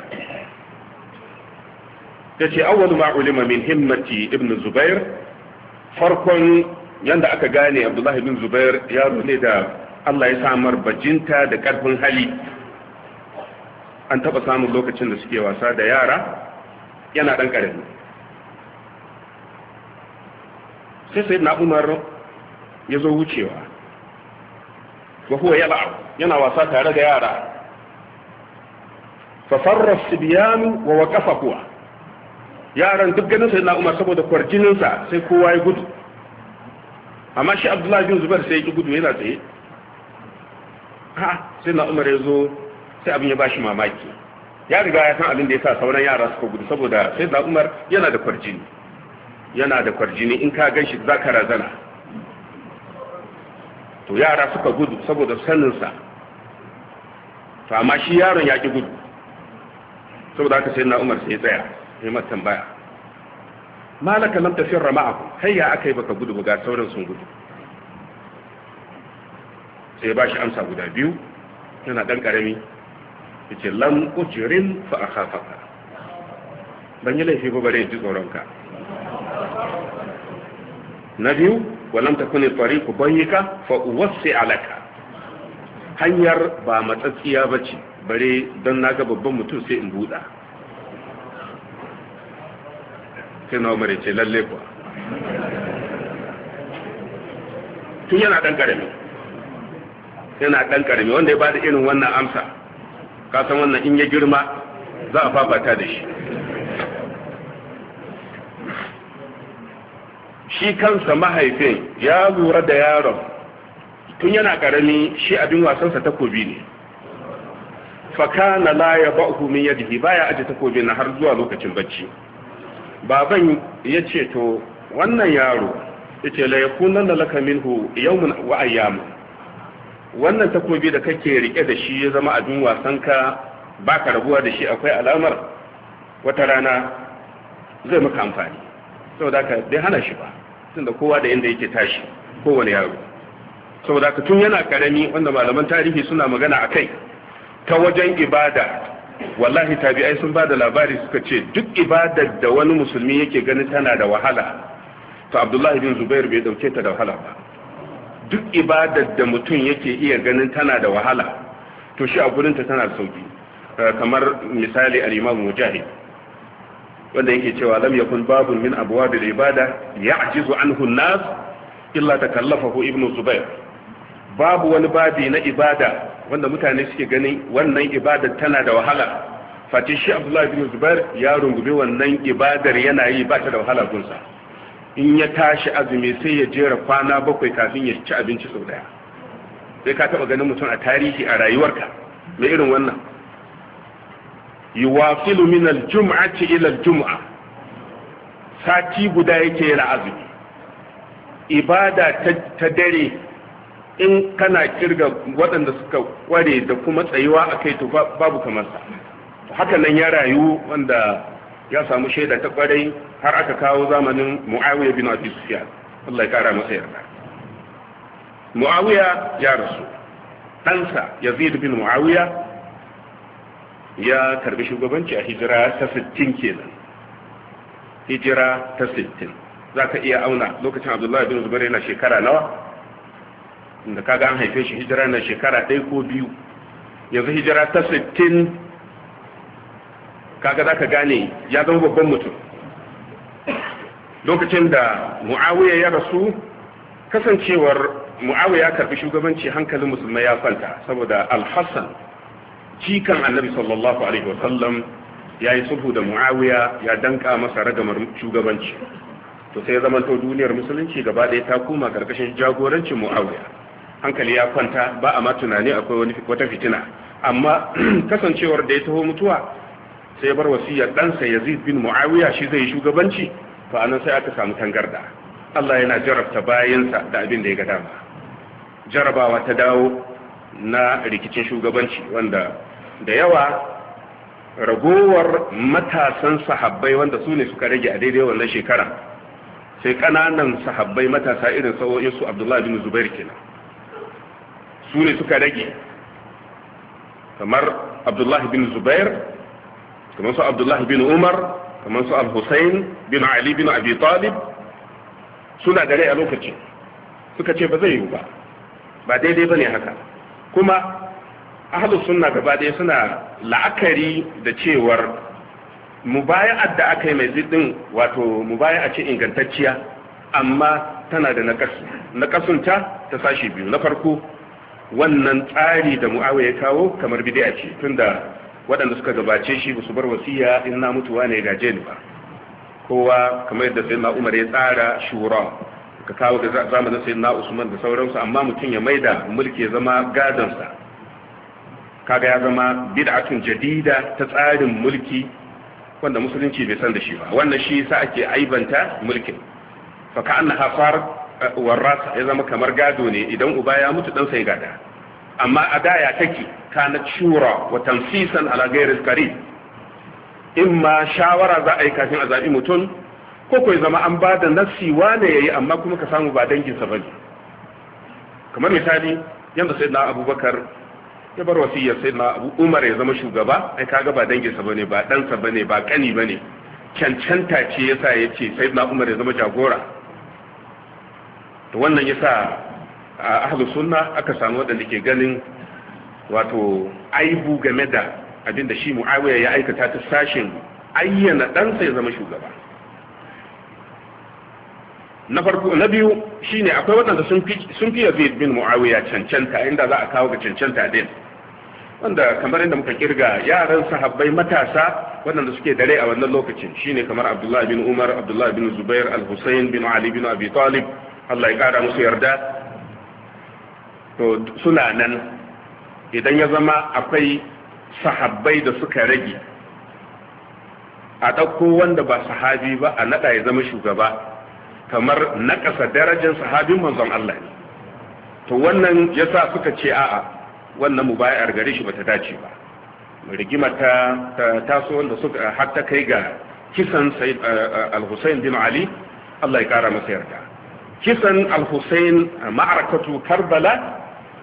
Speaker 1: tace awwalu ma ulima min himmati ibn zubair farkon yanda aka gane abdullahi ibn zubair yaro ne da Allah ya samar bajinta da karfin hali an taba samun lokacin da suke wasa da yara yana dan karami sai sai na umar ya zo wucewa wa yana wasa tare da yara fafarra sibiyanu wa waqafa kuwa yaran duk ganin sayyidina umar saboda kwarjininsa sai kowa ya gudu amma shi abdullahi bin zubair sai ya gudu yana tsaye ha na umar ya zo sai abin ya bashi mamaki ya riga ya san abin da ya sa sauran yara suka gudu saboda sai na umar yana da kwarjini yana da kwarjini in ka gan shi za ka razana to yara suka gudu saboda saninsa to amma shi yaron ya ki gudu saboda haka sai na umar sai tsaya sai mata tambaya malaka lam tafirra ma'akum hayya aka akai baka gudu ga sauran sun gudu sai ba shi amsa guda biyu yana dan karami yace lam ujrin fa akhafaka ban yi laifi ba bare ji tsoron ka na biyu lam takuni tariqu bayyika fa uwassi alaka hanyar ba matsatsiya bace bare don na ga babban mutum sai in buɗa sai na umar ce lalle kuwa tun yana ɗan ƙarami yana ɗan ƙarami wanda ya ba da irin wannan amsa kasan wannan in ya girma za a fafata da shi shi kansa mahaifin ya lura da yaron tun yana ƙarami shi abin wasansa takobi ne fakana la ya ba'hu min yadihi baya aje takobin har zuwa lokacin bacci baban yace to wannan yaro yace la yakuna laka minhu yawman wa ayyam wannan takobi da kake rike da shi ya zama abin wasan ka baka rabuwa da shi akwai alamar wata rana zai maka amfani saboda ka dai hana shi ba tunda kowa da inda yake tashi kowane yaro saboda ka tun yana karami wanda malaman tarihi suna magana akai ta wajen ibada wallahi tabi'ai sun ba da labari suka ce duk ibadar da wani musulmi yake ganin tana da wahala to abdullahi bin zubair bai dauke ta da wahala ba duk ibadar da mutum yake iya ganin tana da wahala to shi a ta tana da sauki eh, kamar misali al-imam mujahid wanda yake cewa lam yakun babun min abwabil ibada ya'jizu anhu an-nas illa takallafahu ibnu zubair babu wani babi na ibada wanda mutane suke gani wannan ibadar tana da wahala Fati shi abdullahi bin zubair ya rungume wannan ibadar yana yi ba ta da wahala gunsa in ya tashi azumi sai ya jera kwana bakwai kafin ya ci abinci sau daya sai ka taba ganin mutum a tarihi a rayuwarka mai irin wannan yuwafilu min aljum'ati ila aljum'a sati guda yake yana azumi ibada ta dare in kana kirga waɗanda suka kware da kuma tsayuwa a kai to babu kamarsa haka nan ya rayu wanda ya samu shaida ta kwarai har aka kawo zamanin muawiya bin abi sufyan Allah ya kara masa yarda muawiya ya rasu ɗansa yazid bin muawiya ya karbi shugabanci a hijira ta 60 kenan hijira ta 60 ka iya auna lokacin abdullahi bin zubair yana shekara nawa inda kaga an haife shi hijira na shekara ɗaya ko biyu yanzu hijira ta 60 kaga za ka gane ya zama babban mutum lokacin da mu'awiya ya rasu kasancewar mu'awiya ya karbi shugabanci hankalin musulmai ya kwanta saboda alhassan cikan annabi sallallahu alaihi wasallam ya yi sulhu da mu'awiya ya danka masa ragamar shugabanci to sai ya zama to duniyar musulunci gaba ɗaya ta koma karkashin jagorancin mu'awiya hankali ya kwanta ba a ma tunani akwai wata fitina amma kasancewar da ya taho mutuwa sai bar wasiyar ɗansa yazid bin muawiya shi zai shugabanci to anan sai aka samu tangarda Allah yana jarabta bayansa da abin da ya ga dama jarabawa ta dawo na rikicin shugabanci wanda da yawa ragowar matasan sahabbai wanda su ne suka rage a daidai wannan shekara sai ƙananan sahabbai matasa irin sa'o'in su abdullahi bin zubair kenan su ne suka rage kamar abdullahi bin zubair kamar su abdullahi bin umar kamar su al-husayn bin ali bin abi talib suna da rai a lokacin suka ce ba zai yiwu ba ba daidai ba ne haka kuma ahalu sunna gaba ɗaya suna la'akari da cewar mubaya'ar da aka yi mai zidin wato mubaya'a ce ingantacciya amma tana da nakasunta ta ta sashi biyu na farko wannan tsari da mu'awiya ya kawo kamar bid'a ce tunda waɗanda suka gabace shi ba su bar wasiya in na mutuwa ne gaje ni ba kowa kamar yadda sayyidina Umar ya tsara shura ka kawo da zamanin sayyidina Usman da sauransu amma mutum ya maida mulki ya zama gadon sa kaga ya zama bid'atun jadida ta tsarin mulki wanda musulunci bai san da shi ba wannan shi sa ake aibanta mulkin fa ka hafar warrasa ya zama kamar gado ne idan uba ya mutu dan sai gada amma a da ya take kana shura wa tansisan ala ghairi qarib imma shawara za a yi kafin a zabi mutum ko ko zama an ba da wane yayi amma kuma ka samu ba dangin sa bane kamar misali yanda sayyidina abubakar ya bar wasiyar sayyidina abu umar ya zama shugaba ai kaga ba dangin sa bane ba dan sa bane ba kani bane cancanta ce yasa yace sayyidina umar ya zama jagora to wannan yasa a ahlu sunna aka samu waɗanda ke ganin wato aibu game da abinda shi muawiya ya aikata ta sashin ayyana ɗansa ya zama shugaba na farko na biyu shine akwai waɗanda sun fi yazid bin muawiya cancanta inda za a kawo ga cancanta din wanda kamar inda muka kirga yaran sahabbai matasa waɗanda suke dare a wannan lokacin shine kamar abdullahi bin umar abdullahi bin zubair al-husayn bin ali bin abi talib Allah ya kara musu yarda to suna nan idan ya zama akwai sahabbai da suka rage a ɗauko wanda ba sahabi ba a naɗa ya zama shugaba kamar naƙasa darajar sahabin manzon Allah ne to wannan ya sa suka ce a'a wannan mu bayar gare shi bata dace ba rigima ta taso wanda suka har ta kai ga kisan eh, eh, al-Husayn bin Ali Allah ya kara masa yarda kisan al-Hussein a ma'arakatu Karbala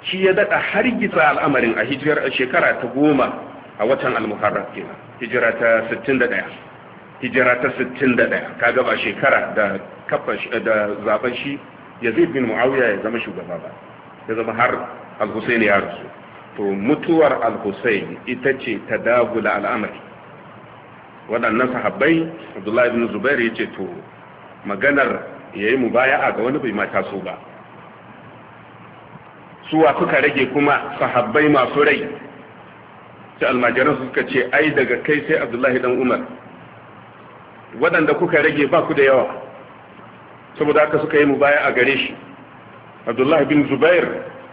Speaker 1: shi ya daɗa hargitsa al'amarin a hijirar a shekara ta goma a watan al-Muharram kenan hijira ta 61 hijira ta 61 kaga gaba shekara da kafa da zaben shi Yazid bin Muawiya ya zama shugaba ba ya zama har al-Hussein ya rasu to mutuwar al-Hussein ita ce ta dagula al'amari waɗannan sahabbai Abdullahi bin Zubair ya ce to maganar ya yi a ga wani bai ma taso ba suwa suka rage kuma sahabbai masu rai sai almajiran suka ce ai daga kai sai abdullahi dan umar waɗanda kuka rage ba ku da yawa saboda haka suka yi mu baya a gare shi abdullahi bin zubair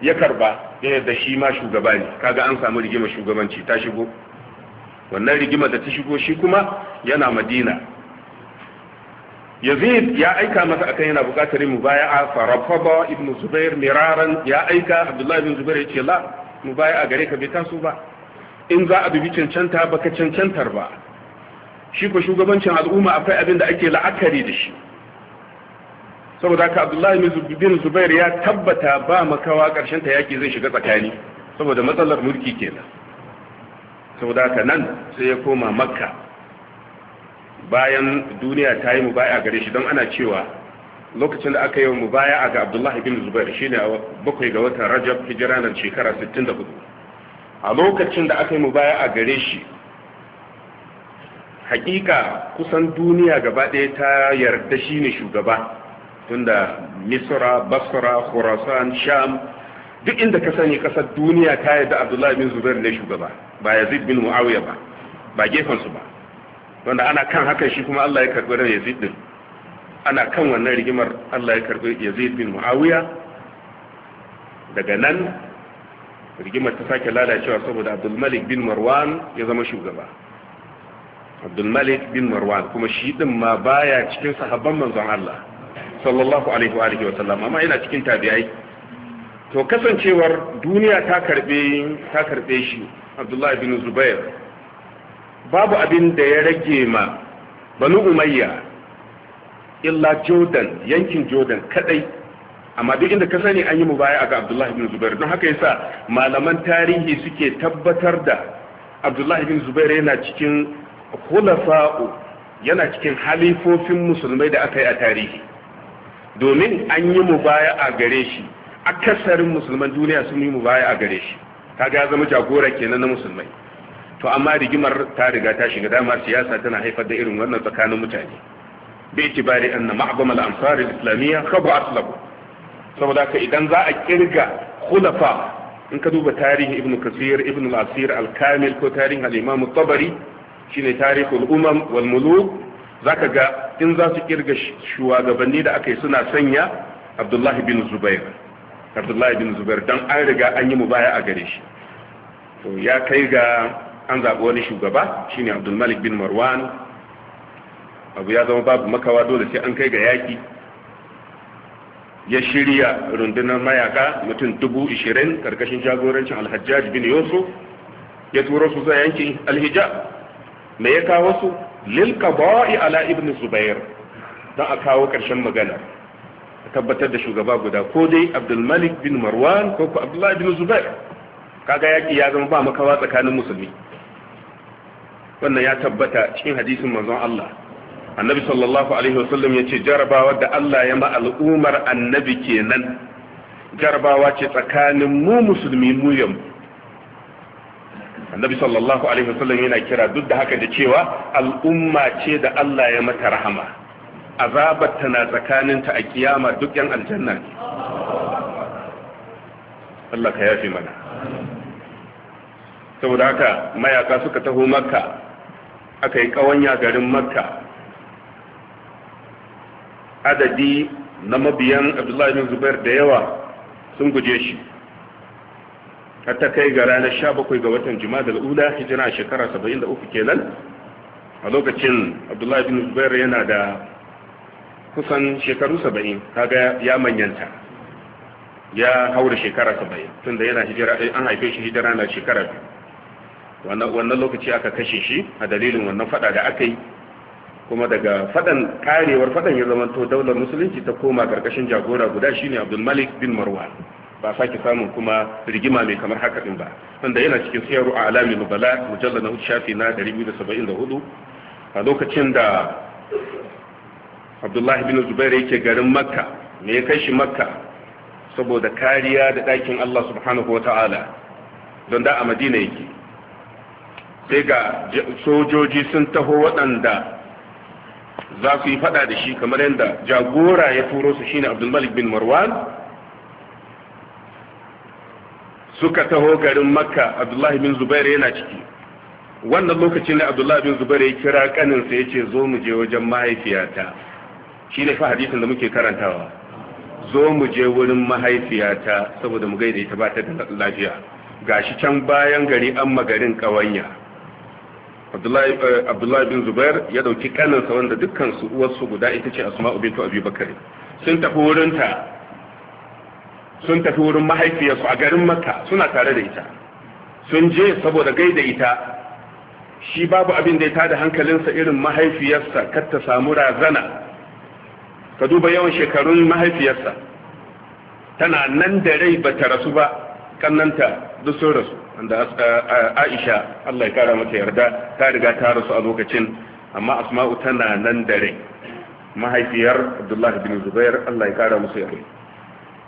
Speaker 1: ya karba ya yadda shi ma shugaba ne kaga an samu rigima shugabanci ta shigo wannan rigima da ta shigo shi kuma yana madina yazid ya aika masa akan yana buƙatar yin mubaya'a fa rafaba ibnu zubair miraran ya aika abdullahi ibn zubair yace la mubaya'a gare ka bai taso ba in za a dubi cancanta baka cancantar ba shi ko shugabancin al'umma akwai abin da ake la'akari da shi saboda haka abdullahi bin zubair ya tabbata ba makawa karshen ta yaki zai shiga tsakani saboda matsalar mulki kenan saboda haka nan sai ya koma makka bayan duniya ta yi mubaya gare shi don ana cewa lokacin da aka yi mubaya ga abdullahi bin zubair shine ne bakwai ga watan rajab hijira nan shekara 64 a lokacin da aka yi mubaya gare shi hakika kusan duniya gaba ɗaya ta yarda shi ne shugaba tunda misra basra khurasan sham duk inda ka sani kasar duniya ta yarda abdullahi bin zubair ne shugaba ba yazid bin muawiya ba ba gefansu ba wanda ana kan hakan shi kuma Allah ya karbi ran Yazid din ana kan wannan rigimar Allah ya karbi Yazid bin Muawiya daga nan rigimar ta sake lalacewa saboda Abdul Malik bin Marwan ya zama shugaba Abdul Malik bin Marwan kuma shi din ma baya cikin sahabban manzon Allah sallallahu alaihi wa alihi wa sallam amma yana cikin tabi'ai to kasancewar duniya ta karbe ta karbe shi Abdullah bin Zubair babu abin da ya rage ma banu umayya illa jordan yankin jordan kadai amma duk inda ka sani an yi mubaya ga abdullahi ibn zubair don haka yasa malaman tarihi suke tabbatar da abdullahi ibn zubair yana cikin khulafa'u yana cikin halifofin musulmai da aka yi a tarihi domin an yi mubaya a gare shi akasarin musulman duniya sun yi mubaya a gare shi kaga ya zama jagora kenan na musulmai to amma rigimar ta riga ta shiga dama siyasa tana haifar da irin wannan tsakanin mutane bai ci bari anna ma'azam al-ansar islamiyya khabu aslabu saboda ka idan za a kirga khulafa in ka duba tarihin ibn kasir ibn al-asir al-kamil ko tarihin al-imam tabari shine tarihul umam wal muluk zaka ga in za su kirga shugabanni da aka yi suna sanya abdullahi bin zubair abdullahi bin zubair dan an riga an yi mubaya a gare shi ya kai ga an zaɓi wani shugaba shine abdulmalik bin marwan abu ya zama babu makawa dole sai an kai ga yaƙi ya shirya rundunar mayaka mutum dubu ishirin ƙarƙashin jagorancin alhajjaj bin yusuf ya turo su zai yankin alhija me ya kawo su lil bawa'i ala ibn zubair don a kawo ƙarshen magana A tabbatar da shugaba guda ko dai Abdulmalik bin marwan ko ku abdullahi bin zubair kaga yaƙi ya zama ba makawa tsakanin musulmi wannan ya tabbata cikin hadisin manzon Allah annabi sallallahu alaihi wasallam ya ce jarabawa da Allah ya ma al'umar annabi kenan jarabawa ce tsakanin mu musulmi mu yamu annabi sallallahu alaihi wasallam yana kira duk da haka da cewa al'umma ce da Allah ya mata rahama azabar tana tsakaninta a kiyama duk yan aljanna Allah ka yafe mana saboda haka mayaka suka taho makka aka yi kawanya garin makka adadi na mabiyan abdullahi bin zubair da yawa sun guje shi hatta kai ga ranar 17 ga watan jima'a da ula hijira shekara 73 kenan a lokacin abdullahi bin zubair yana da kusan shekaru 70 kaga ya manyanta ya haura shekara 70 tunda yana hijira an haife shi hijira na shekara biyu wannan lokaci aka kashe shi a dalilin wannan fada da aka yi kuma daga fadan karewar fadan ya zamanto daular musulunci ta koma karkashin jagora guda shine abdul malik bin Marwa ba sake samun kuma rigima mai kamar haka din ba wanda yana cikin siyaru a alami nubala mujallar na shafi na 274 a lokacin da abdullahi bin zubair yake garin makka me ya kai shi makka saboda kariya da dakin allah subhanahu wa ta'ala don da a madina yake sai ga sojoji sun taho waɗanda za su yi fada da shi kamar yadda jagora ya turo su shine abdulmalik bin marwan suka taho garin makka abdullahi bin zubair yana ciki wannan lokacin da abdullahi bin zubair ya kira kaninsa ya ce zo mu je wajen mahaifiyata shi ne fa hadisin da muke karantawa zo mu je wurin mahaifiyata saboda mu gaida ita ba ta da lafiya ga shi can bayan gari an magarin ƙawanya Eh, abdullahi bin zubair ya dauki kaninsa wanda dukkan su uwarsu guda ita ce asma'u bintu abi bakari sun tafi wurin sun tafi wurin mahaifiyarsu a garin makka suna tare da ita sun je saboda gaida ita shi babu abin da ya tada hankalinsa irin mahaifiyarsa kar ta samu razana ka duba yawan shekarun mahaifiyarsa tana nan da rai bata rasu ba kannanta duk sun wanda aisha allah ya kara mata yarda ta riga ta rasu a lokacin amma asma'u tana nan da rai mahaifiyar abdullahi bin zubair allah ya kara musu yarda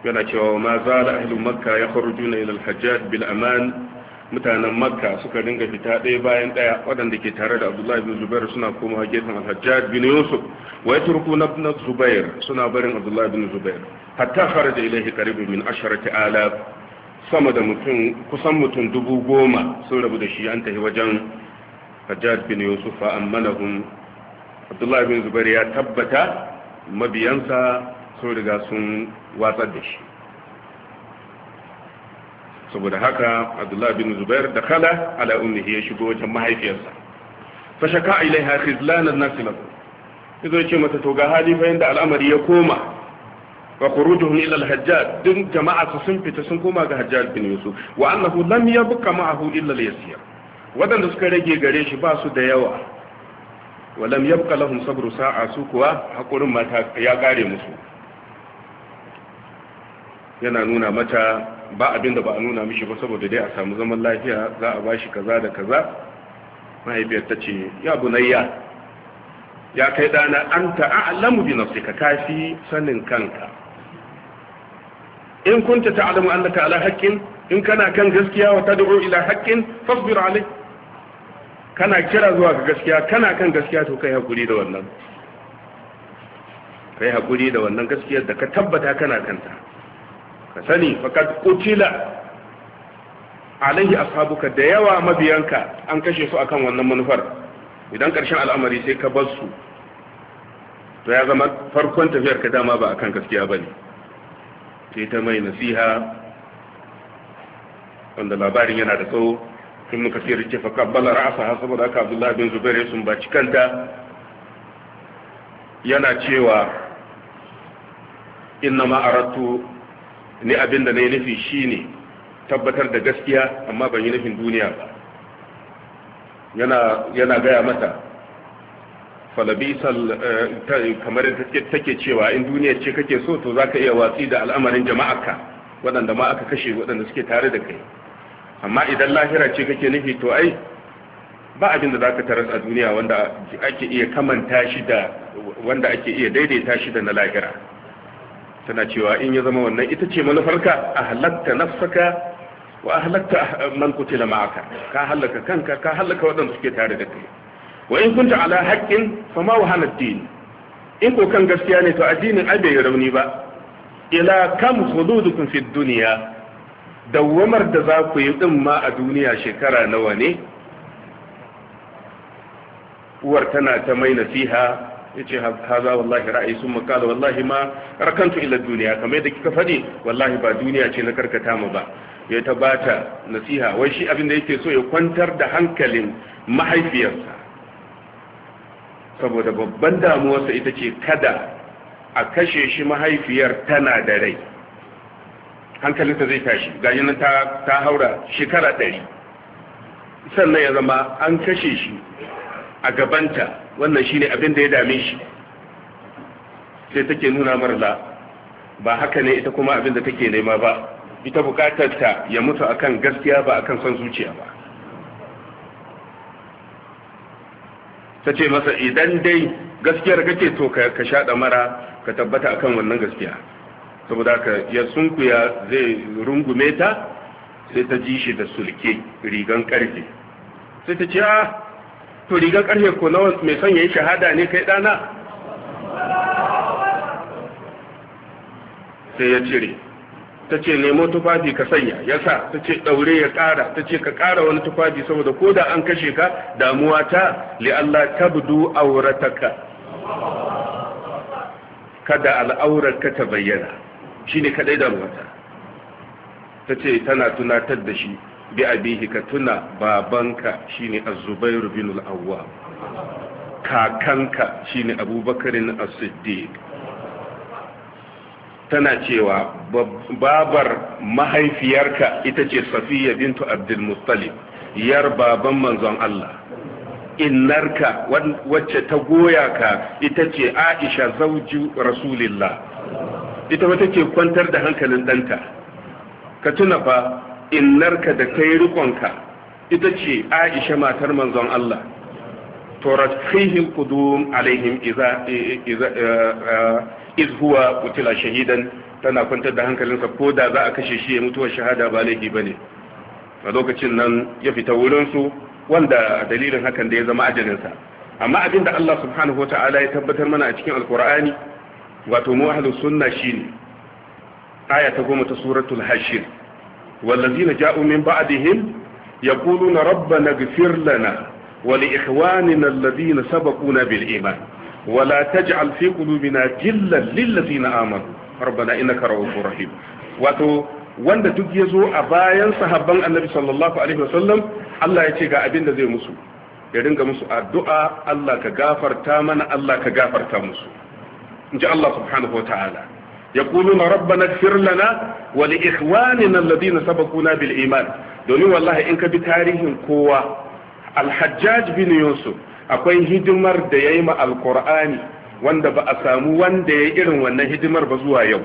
Speaker 1: yana cewa ma zala ahlu makka ya kharujuna ila Ilal hajjaj bil aman mutanen makka suka dinga fita ɗaya bayan ɗaya waɗanda ke tare da abdullahi bin zubair suna komawa gefen alhajjaj bin yusuf wa ya turku na zubair suna barin abdullahi bin zubair hatta faraja ilaihi qaribun min asharati alaf sama da mutum kusan mutum dubu goma sun rabu da shi an tafi wajen hajjaj bin yusuf a ammanahum abdullahi bin zubair ya tabbata mabiyansa sun riga sun watsar da shi saboda haka abdullahi bin zubair da kala ala ummihi ya shigo wajen mahaifiyarsa fa shaka ilaiha khizlan an-nas lahu yazo ce mata to ga hali fa inda al'amari ya koma wa khurujuhu ila al-hajjaj din jama'a su sun fita sun koma ga hajjaj bin yusuf wa annahu lam yabqa ma'ahu illa al-yasir wadanda suka rage gare shi ba su da yawa wa lam yabqa lahum sabru sa'a su kuwa hakurin mata ya kare musu yana nuna mata ba abin da ba a nuna mishi ba saboda dai a samu zaman lafiya za a bashi kaza da kaza mahaifiyar ta ce ya bunayya ya kai dana anta a'lamu bi nafsika kafi sanin kanka in kunta ta'lamu annaka ala haqqin in kana kan gaskiya wa tad'u ila haqqin fasbir alai kana kira zuwa ga gaskiya kana kan gaskiya to kai hakuri da wannan kai hakuri da wannan gaskiyar da ka tabbata kana kanta ka sani faqad qutila alaihi ashabuka da yawa mabiyanka an kashe su akan wannan manufar idan karshen al'amari sai ka bar su to ya zama farkon tafiyar ka dama ba akan gaskiya bane sai ta mai nasiha wanda labarin yana da tsawo sun muka sai rike fa kabbala ra'asa har saboda aka abdullahi bin zubairu sun baci kanta yana cewa inna ma ne ni da na yi nufi ne tabbatar da gaskiya amma ban yi nufin duniya ba yana gaya mata falabisal eh, kamar take cewa in duniya ce kake so to zaka iya watsi da al'amarin jama'arka waɗanda ma aka kashe waɗanda suke tare da kai amma idan lahira ce kake nufi to ai ba abin da zaka taras a duniya wanda ake iya kamanta shi da wanda ake iya daidaita shi da na lahira tana cewa in ya zama wannan ita ce manufarka a halatta nafsaka wa a halatta man kutila ma'aka ka halaka kanka ka halaka waɗanda suke tare da kai wa in kunta ala haƙƙin fa ma wahana din in ko kan gaskiya ne to addinin ai bai rauni ba ila kam hududukum fi dunya dawwamar da za ku yi din ma a duniya shekara nawa ne uwar tana ta mai nasiha yace haza wallahi ra'ayi sun makala wallahi ma rakantu ila duniya kamar yadda kika faɗi wallahi ba duniya ce na karkata mu ba ya ta bata nasiha wai shi abin da yake so ya kwantar da hankalin mahaifiyarsa saboda babban damuwarsa ita ce kada a kashe shi mahaifiyar tana da rai hankalinta zai tashi gajinin nan ta, ta haura shekara ɗari sannan ya zama an kashe shi a gabanta wannan shi ne abin da ya dame shi sai take nuna marla ba haka ne ita kuma abin da take nema ba ita bukatarta ya mutu akan gaskiya ba akan son zuciya ba ta ce masa idan dai gaskiyar kake to ka sha mara ka tabbata akan wannan gaskiya saboda ka ya sunkuya zai rungume ta sai ta ji shi da sulke rigan karfe sai ta ce ah, to rigan karfe ko nawa mai son yayi shahada ne kai dana sai ya cire ta ce nemo tufafi ka sanya ya sa ta ce ɗaure ya ƙara ta ce ka ƙara wani tufafi saboda ko da an kashe ka damuwa ta li'alla tabdu aurataka kada al'aurarka ta bayyana shi ne kaɗai damuwa ta ta ce tana tunatar da shi bi abihi ka tuna babanka shi ne azubairu bin al'awwa kakanka shi ne abubakarin as-siddiq tana cewa babar mahaifiyarka ita ce safiya bintu abdulmuttalib yar baban manzon Allah innarka wacce ta goya ka ita ce aisha zauju rasulillah ita wata ke kwantar da hankalin ɗanta ka tuna fa innarka da kai rikonka ita ce aisha matar manzon Allah to rafihil qudum alaihim iza iz huwa kutila shahidan tana kwantar da hankalinsa ko da za a kashe shi ya mutuwar shahada ba laifi bane a lokacin nan ya fita wurin su wanda dalilin hakan da ya zama sa amma abin da Allah subhanahu wata'ala ya tabbatar mana a cikin alkur'ani wato mu ahlus sunna shine aya ta goma ta suratul hashir wallazina ja'u min ba'dihim yaquluna rabbana ighfir lana wa li ikhwanina alladhina sabaquna bil iman ولا تجعل في قلوبنا جلا للذين آمنوا ربنا إنك رؤوف رحيم wato wanda duk ya zo a bayan sahaban annabi sallallahu Allah ya ce ga abin da zai musu ya ringa musu addu'a Allah ka gafarta mana Allah ka gafarta musu in ji Allah subhanahu wataala ya kulu na rabbana fir lana wa li ikhwanina alladhina sabaquna bil iman domin wallahi in ka bi tarihin kowa al-hajjaj bin akwai hidimar da ya yi ma alkur'ani wanda ba a samu wanda ya irin wannan hidimar ba zuwa yau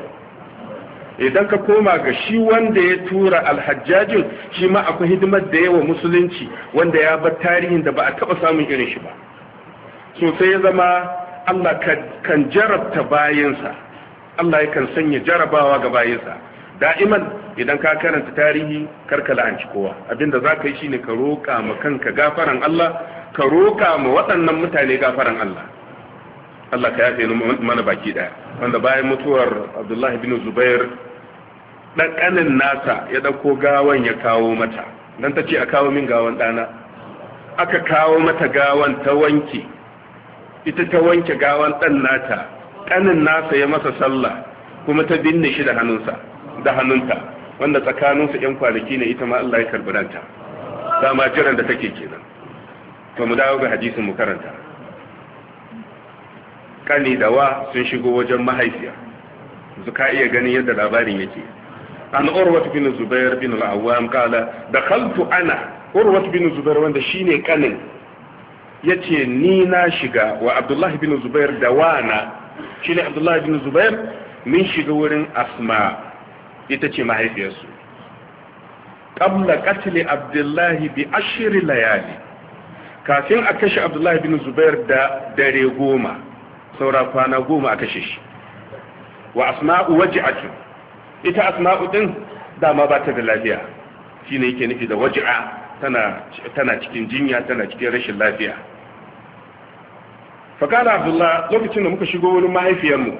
Speaker 1: idan ka koma ga shi wanda ya tura alhajjajin shi ma akwai hidimar da yawa musulunci wanda ya bar tarihin da ba a taba samun irin shi ba so sai ya zama Allah kan jarabta bayansa Allah ya kan sanya jarabawa ga bayansa da'iman idan ka karanta tarihi karka la'anci kowa abinda za ka yi shine ka roƙa ma kanka gafaran Allah ka roƙa ma waɗannan mutane gafaran Allah Allah ka yafe mana baki ɗaya wanda bayan mutuwar Abdullahi bin Zubair dan kanin nasa ya ɗauko gawan ya kawo mata dan ce a kawo min gawan dana aka kawo mata gawan ta wanke ita ta wanke gawan dan nata kanin nasa ya masa sallah kuma ta binne shi da hannunsa da hannunta wanda tsakaninsu yan kwanaki ne ita ma Allah ya karbi ranta dama jiran da take kenan to mu dawo ga hadisin mu karanta kani da wa sun shigo wajen mahaifiya zuka iya ganin yadda labarin yake an urwatu bin zubair bin al-awwam kala dakhaltu ana urwatu bin zubair wanda shine kanin yace ni na shiga wa abdullahi bin zubair da wana shine abdullahi bin zubair min shiga wurin asma ita ce mahaifiyarsu ƙabla qatl abdullahi bi ashiri layali kafin a kashe abdullahi bin zubair da dare goma saura kwana goma a kashe shi wa asma'u waj'atu ita asma'u din dama ba ta da lafiya shi ne yake nufi da waje tana tana cikin jinya tana cikin rashin lafiya fakala abdullahi lokacin da muka shigo wani mahaifiyarmu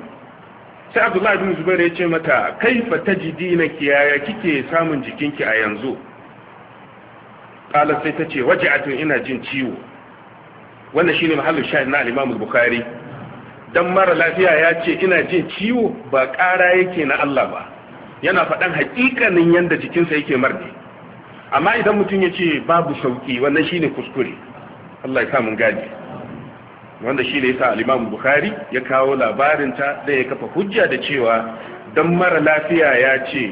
Speaker 1: sai abdullahi bin zubair ya ce mata kai fa kaifa tajidina kiyaya kike samun jikinki a yanzu kala sai ta ce waja'atun ina jin ciwo wannan shine mahallin shahid na al-Imam al-Bukhari dan mara lafiya ya ce ina jin ciwo ba ƙara yake na Allah ba yana faɗan haƙiƙanin yanda jikinsa yake marne amma idan mutum ya ce babu sauki wannan shine kuskure Allah ya sa mun wanda shi ne ya sa al'imamu Bukhari ya kawo labarin ta da ya kafa hujja da cewa don mara lafiya ya ce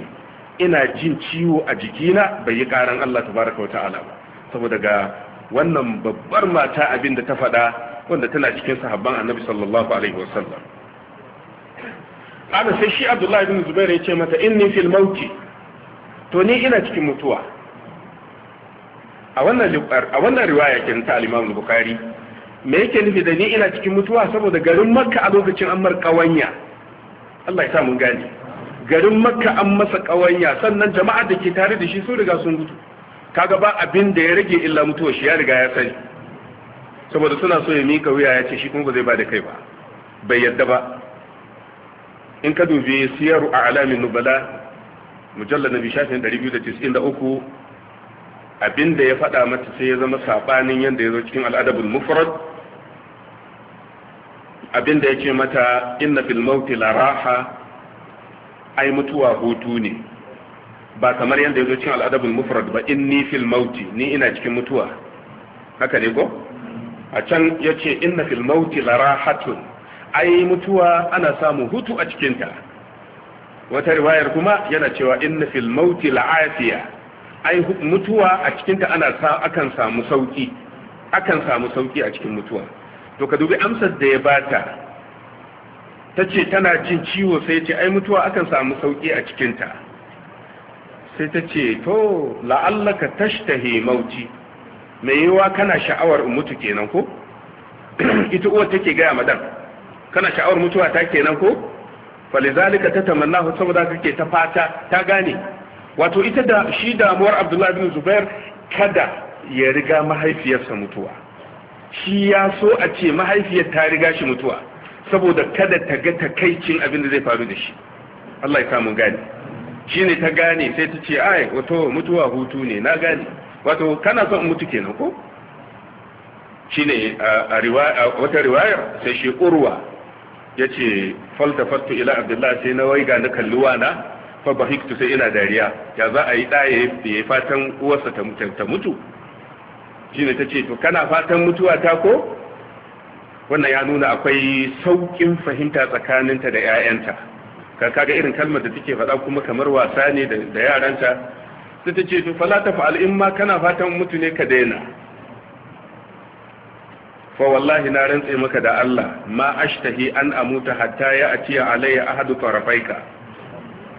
Speaker 1: ina jin ciwo a jikina bai yi karan Allah tabaraka ta'ala ba saboda ga wannan babbar mata abin da ta faɗa wanda tana cikin sahabban Annabi sallallahu alaihi wasallam ana sai shi Abdullahi bin Zubair ya ce mata inni fil mauti to ni ina cikin mutuwa a wannan riwaya ta al-Imam Bukhari me yake nufi da ni ina cikin mutuwa saboda garin makka a lokacin an mar kawanya Allah ya sa mun gane garin makka an masa kawanya sannan jama'a da ke tare da shi sun riga sun mutu kaga ba abin da ya rage illa mutuwa shi ya riga ya sani saboda suna so ya mika wuya ya ce shi kuma ba zai ba da kai ba bai yadda ba in ka dubi siyaru a alamin nubala mujallar nabi shafin 293 abinda ya faɗa mata sai ya zama saɓanin yadda ya zo cikin al'adabul mufrad abinda yake mata inna fil mauti la raha ai mutuwa hutu ne ba kamar yadda yazo cikin al'adabul mufrad ba inni fil mauti ni ina cikin mutuwa haka ne ko a can yace inna fil mauti la rahatun ai mutuwa ana samu hutu a cikin ta wata riwayar kuma yana cewa inna fil mauti la afiya ai mutuwa a cikin ta ana sa akan samu sauki akan samu sauki a cikin mutuwa to ka dubi amsar da ya bata ta ce tana jin ciwo sai ce ai mutuwa akan samu sauki a cikinta sai ta ce to la'allaka tashtahi mauti mai yiwa kana sha'awar mutu kenan ko ita uwar take gaya madan kana sha'awar mutuwa ta kenan ko falizalika ta hu saboda kake ta fata ta gane wato ita da shi damuwar abdullahi bin zubair kada ya riga mahaifiyarsa mutuwa shi ya so a ce mahaifiyar ta riga shi mutuwa saboda kada ta ga takaicin abin da zai faru da shi Allah ya mun gane shi ne ta gane sai ta ce ai wato mutuwa hutu ne na gane wato kana son mutu kenan ko shi ne wata riwayar sai shi urwa ya ce faltafattu ila abdullahi sai na waiga na kalli wana fa bahiktu sai ina dariya ya za a yi ɗaya ya fatan uwarsa ta mutu shine ta ce to kana fatan mutuwa ta ko wannan ya nuna akwai saukin fahimta tsakaninta da 'ya'yanta ka kaga irin kalmar da take faɗa kuma kamar wasa ne da yaranta sai ta ce to fala ta fa'al in ma kana fatan mutu ne ka daina fa wallahi na rantse maka da Allah ma ashtahi an amuta hatta ya atiya alayya ahadu tarafaika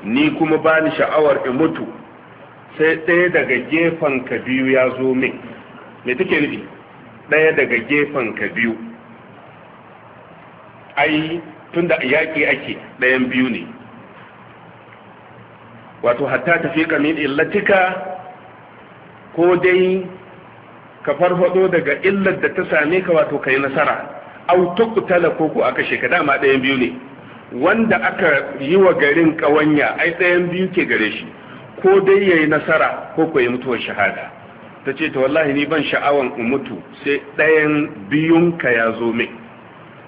Speaker 1: ni kuma bani sha'awar in mutu sai ɗaya daga gefen ka biyu ya zo min me take nufi ɗaya daga gefen ka biyu ai tun da yaƙi ake ɗayan biyu ne wato hatta tafi kamin illatika ko dai ka farfado daga illar da ta same ka wato kai nasara au tukutala ko ko aka sheka dama ɗayan biyu ne wanda aka yi wa garin ƙawanya ai ɗayan biyu ke gare shi ko dai yayi nasara ko ko yi mutuwar shahada ta ce ta wallahi ni ban sha'awan in mutu sai ɗayan biyun ka ya zo mai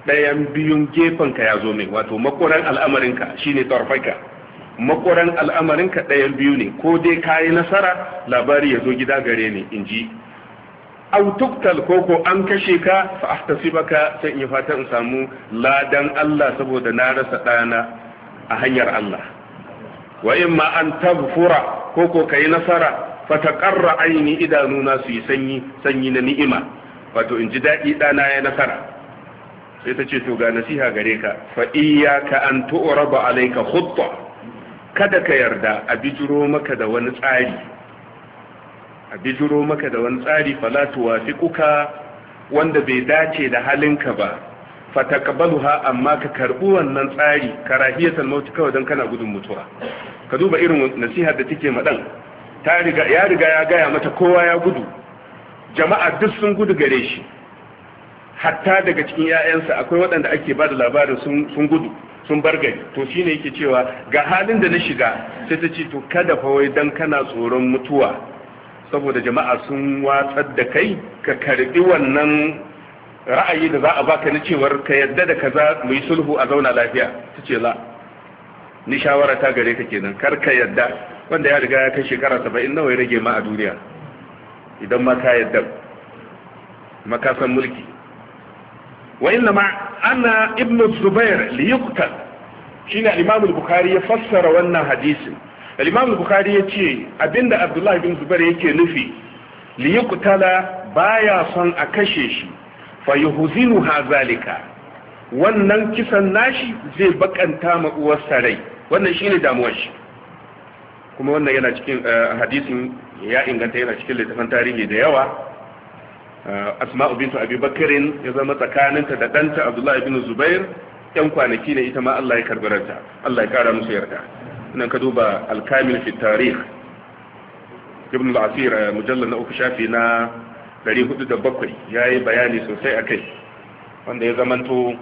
Speaker 1: ɗayan biyun gefen ka ya zo mai wato makoran al'amarinka shine tarfaka makoran al'amarinka ɗayan biyu ne ko dai ka yi nasara labari ya zo gida gare ne in ji au tuktal ko ko an kashe ka fa baka sai in fata in samu ladan Allah saboda na rasa ɗana a hanyar Allah wa imma an tabfura ko ko kayi nasara fataqarra aini idanuna su yi sanyi sanyi na ni'ima wato in ji daɗi ɗana ya nasara sai ta ce to ga nasiha gare ka fa iyyaka an tu'raba alayka khutta kada ka yarda a bijiro maka da wani tsari a bijiro maka da wani tsari fala tuwafiquka wanda bai dace da halinka ba Fa fataqbaluha amma ka karbi wannan tsari karahiyatan mauti kawai dan kana gudun mutuwa ka duba irin nasiha da take ma dan ya riga ya gaya mata kowa ya gudu jama'a duk sun gudu gare shi hatta daga cikin 'ya'yansa akwai waɗanda ake ba da labarin sun gudu sun bar gari to shine yake cewa ga halin da na shiga sai ta ce to kada fa wai dan kana tsoron mutuwa saboda jama'a sun watsar da kai ka karbi wannan ra'ayi da za a baka na cewar ka yadda da kaza mu yi sulhu a zauna lafiya ta ce la ni shawara ta gare ka kenan kar ka yadda wanda ya riga ya kai shekara saba'in nawa ya rage ma a duniya idan ma ka yadda makasan mulki wa inna ma ana ibn zubair li yuqtal shine imam bukhari ya fassara wannan hadisin al-imam al-bukhari yace abinda abdullahi bin zubair yake nufi li yuqtala baya son a kashe shi fa yuhzinu hazalika wannan kisan nashi zai bakanta ma uwar sarai wannan shine damuwar shi kuma wannan yana cikin eh, hadisin ya inganta yana cikin littafin tarihi da yawa eh, asma'u bintu abi bakarin ya zama tsakaninta da danta abdullahi bin zubair yan kwanaki ne ita ma allah ya karbaranta allah ya kara musu yarda nan ka duba alkamil fi tarih ibn al-asir eh, mujallal na uku shafi na 407 yayi bayani sosai akai wanda ya zamanto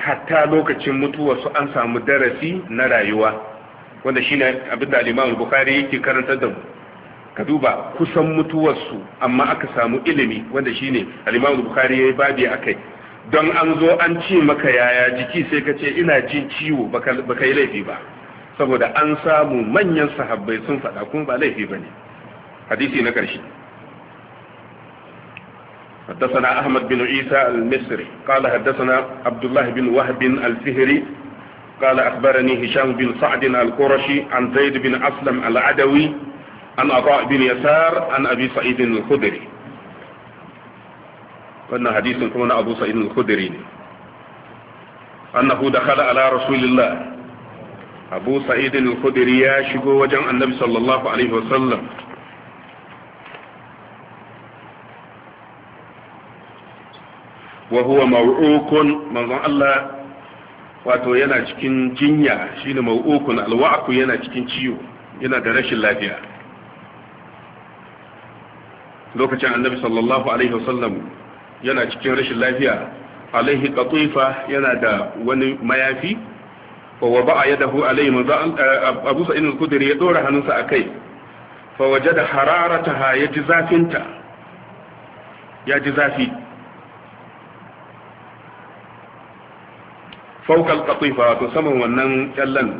Speaker 1: hatta lokacin mutuwa su an samu darasi na rayuwa wanda shine abin da al bukari yake karantar da mu ka duba kusan mutuwarsu amma aka samu ilimi wanda shine al-Imam ya bukhari yayi babi don an zo an ce maka yaya jiki sai ka ce ina jin ciwo baka yi laifi ba saboda an samu manyan sahabbai sun faɗa kuma ba laifi ba ne hadisi na ƙarshe حدثنا أحمد بن عيسى المصري قال حدثنا عبد الله بن وهب الفهري قال أخبرني هشام بن سعد القرشي عن زيد بن أسلم العدوي عن عطاء بن يسار عن أبي سعيد الخدري قلنا حديث كما أبو سعيد الخدري أنه دخل على رسول الله أبو سعيد الخدري يا شقو النبي صلى الله عليه وسلم وهو موعوك من الله wato yana cikin jinya shine mau'ukun alwa'ku yana cikin ciwo yana da rashin lafiya lokacin annabi sallallahu alaihi wasallam yana cikin rashin lafiya alaihi qatifa yana da wani mayafi fa wada'a yadahu alaihi manzo Abu Sa'id al-Khudri ya dora hannunsa akai fa wajada hararataha yaji zafinta yaji zafi fawqa al-qatifa to saman wannan kyallan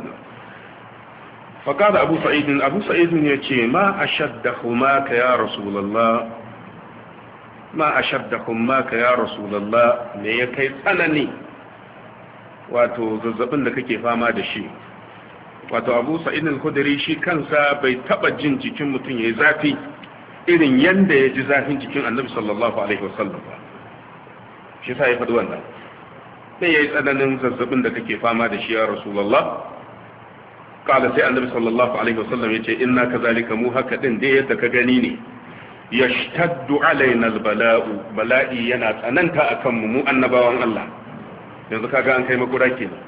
Speaker 1: فقال أبو سعيد أبو سعيد يتي ما أشد خماك يا رسول الله ما أشد خماك يا رسول الله ليكي تسألني wato zazzabin da kake fama da shi wato abu sa'id al-khudri shi kansa bai taba jin jikin mutum ya yi zafi irin yanda ya ji zafin jikin annabi sallallahu alaihi wasallam ba shi sa ya faɗi wannan sai yi tsananin zazzabin da kake fama da shi ya rasulallah. kala sai annabi sallallahu alaihi wasallam yace inna kazalika mu haka din dai yadda ka gani ne Ya yashtaddu alaina albala'u bala'i yana tsananta akan mu mu annabawan Allah yanzu kaga an kai makura kenan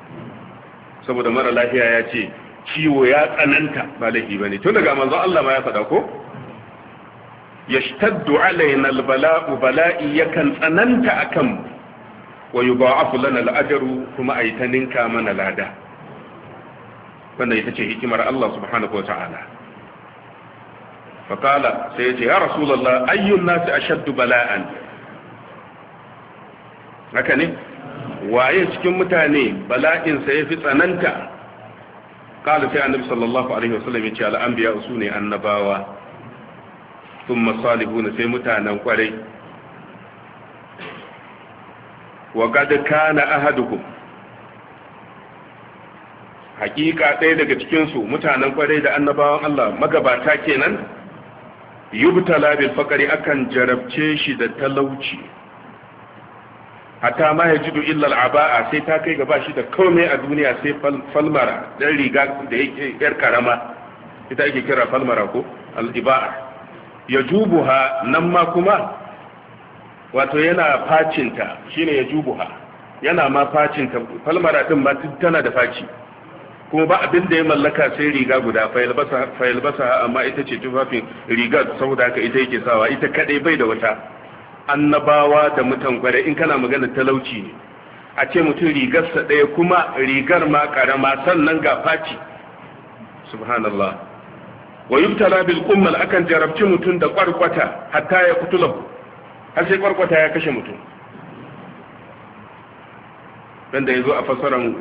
Speaker 1: saboda mara lafiya ya ce ciwo ya tsananta ba laifi ba ne tun daga manzo Allah ma ya faɗa ko Ya yashtaddu alaina albala'u bala'i yakan tsananta akan mu wa yudha'afu lana al-ajru kuma a yi ta ninka mana lada wannan ita ce hikimar Allah subhanahu wa ta'ala fa sai ya ce ya rasulullah ayyun a shaddu bala'an haka ne waye cikin mutane bala'insa ya fi tsananta qala sai annabi sallallahu alaihi wasallam ya ce al-anbiya usune annabawa thumma salihuna sai mutanen kwarai wa qad kana ahadukum hakika ɗaya daga cikin su mutanen kwarai da annabawan Allah magabata kenan yubtala bil faqri akan jarabce shi da talauci hatta ma yajidu illa al aba'a sai ta kai gaba shi da komai a duniya sai falmara dan riga da yake yar karama ita ake kira falmara ko al iba'a yajubuha nan ma kuma wato yana facinta shine ya jubuha yana ma facinta falmara din ma tana da faci kuma ba abin da ya mallaka sai riga guda fayalbasa amma ita ce tufafin rigar saboda haka ita yake sawa ita kadai bai da wata annabawa da mutan kware in kana magana talauci ne a ce mutum rigarsa ɗaya kuma rigar ma karama sannan ga faci subhanallah wa yubtala bil ummal akan jarabci mutum da kwarkwata hatta ya har sai kwarkwata ya kashe mutum don da yazo a fasaran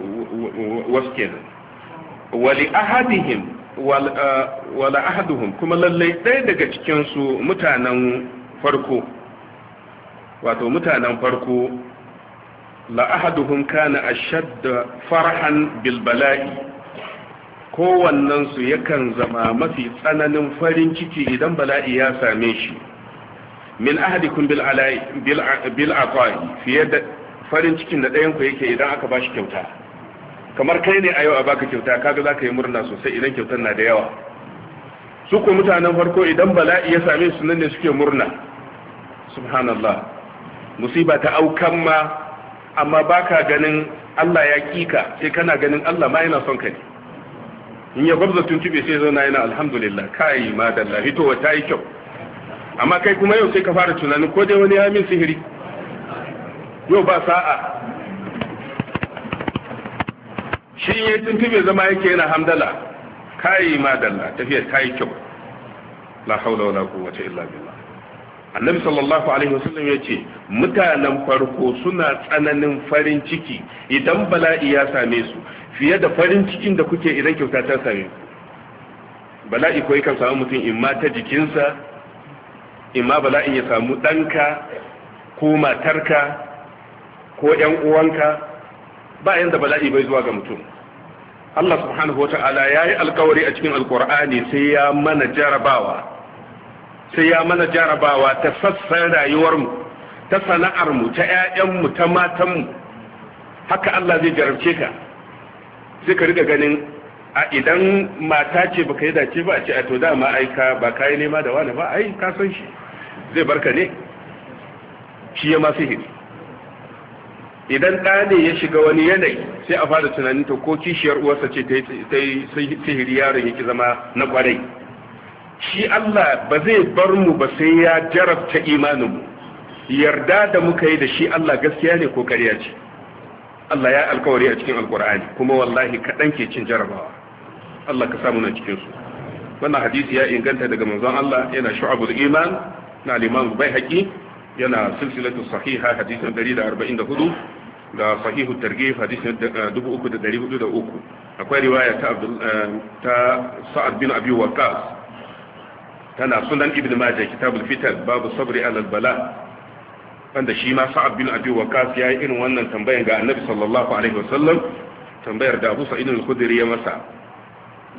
Speaker 1: wasu kenan wali ahadihim wala eh, ahaduhum kuma lallai ɗaya daga cikin mutanen farko wato mutanen farko la ahaduhum kana ashadda farhan bil bala'i kowannen su yakan zama mafi tsananin farin ciki idan bala'i ya same shi min ahadikum bil alai bil aqai fiye da farin cikin da ɗayan ku yake idan aka bashi kyauta kamar kai ne a yau a baka kyauta kaga zaka yi murna sosai idan kyautar na da yawa su ko mutanen farko idan bala'i ya same su nan ne suke murna subhanallah musiba ta aukan ma amma baka ganin Allah ya kika sai kana ganin Allah ma yana son ka ne in ya gwabza tuntube sai zauna yana alhamdulillah kai ma da Allah fitowa ta yi kyau amma kai kuma yau sai ka fara tunanin ko dai wani ya min sihiri yau ba sa'a shi ya tuntube zama yake yana hamdala kai madalla tafiyar ta yi kyau la haula wala quwwata illa billah annabi sallallahu alaihi wasallam ya ce mutanen farko suna tsananin farin ciki idan bala'i ya same su fiye da farin cikin da kuke idan kyauta ta same ku bala'i ko yakan samu mutum in ma ta jikinsa imma bala'in ya samu ɗanka ko matarka ko ‘yan uwanka ba yanda bala'i bai zuwa ga mutum Allah subhanahu wa ya yi alkawari a cikin alkur'ani sai ya mana jarabawa sai ya mana jarabawa ta sassan rayuwarmu ta sana'armu ta ‘ya'yanmu ta matanmu haka Allah zai jarabce ka sai ka riga ganin a idan mata ce baka yi dace ba a ce a to dama aika ba kayi nema da wani ba ai ka shi zai barka ne shi ya masu hiri idan ɗane ya shiga wani yanayi sai a fara tunanin ta ko kishiyar uwarsa ce ta yi sihiri yaron yake zama na kwarai shi Allah ba zai bar mu ba sai ya jarabta imanin mu yarda da muka yi da shi Allah gaskiya ne ko ƙarya ce Allah ya alkawari a cikin alkur'ani kuma wallahi kaɗan ke cin jarabawa Allah ka samu na cikin su wannan hadisi ya inganta daga manzon Allah yana shu'abul iman na al-imam Baihaqi yana silsilatu sahiha hadisin 144 da sahihu targhib hadisin 3403 eh, akwai riwaya ta Abdul eh, ta Sa'ad bin Abi Waqqas tana sunan Ibn Majah kitabul fitan babu sabri ala al-bala wanda shi ma Sa'ad bin Abi Waqqas yayi irin wannan tambayan ga Annabi sallallahu alaihi wasallam tambayar da Abu Sa'id al-Khudri ya masa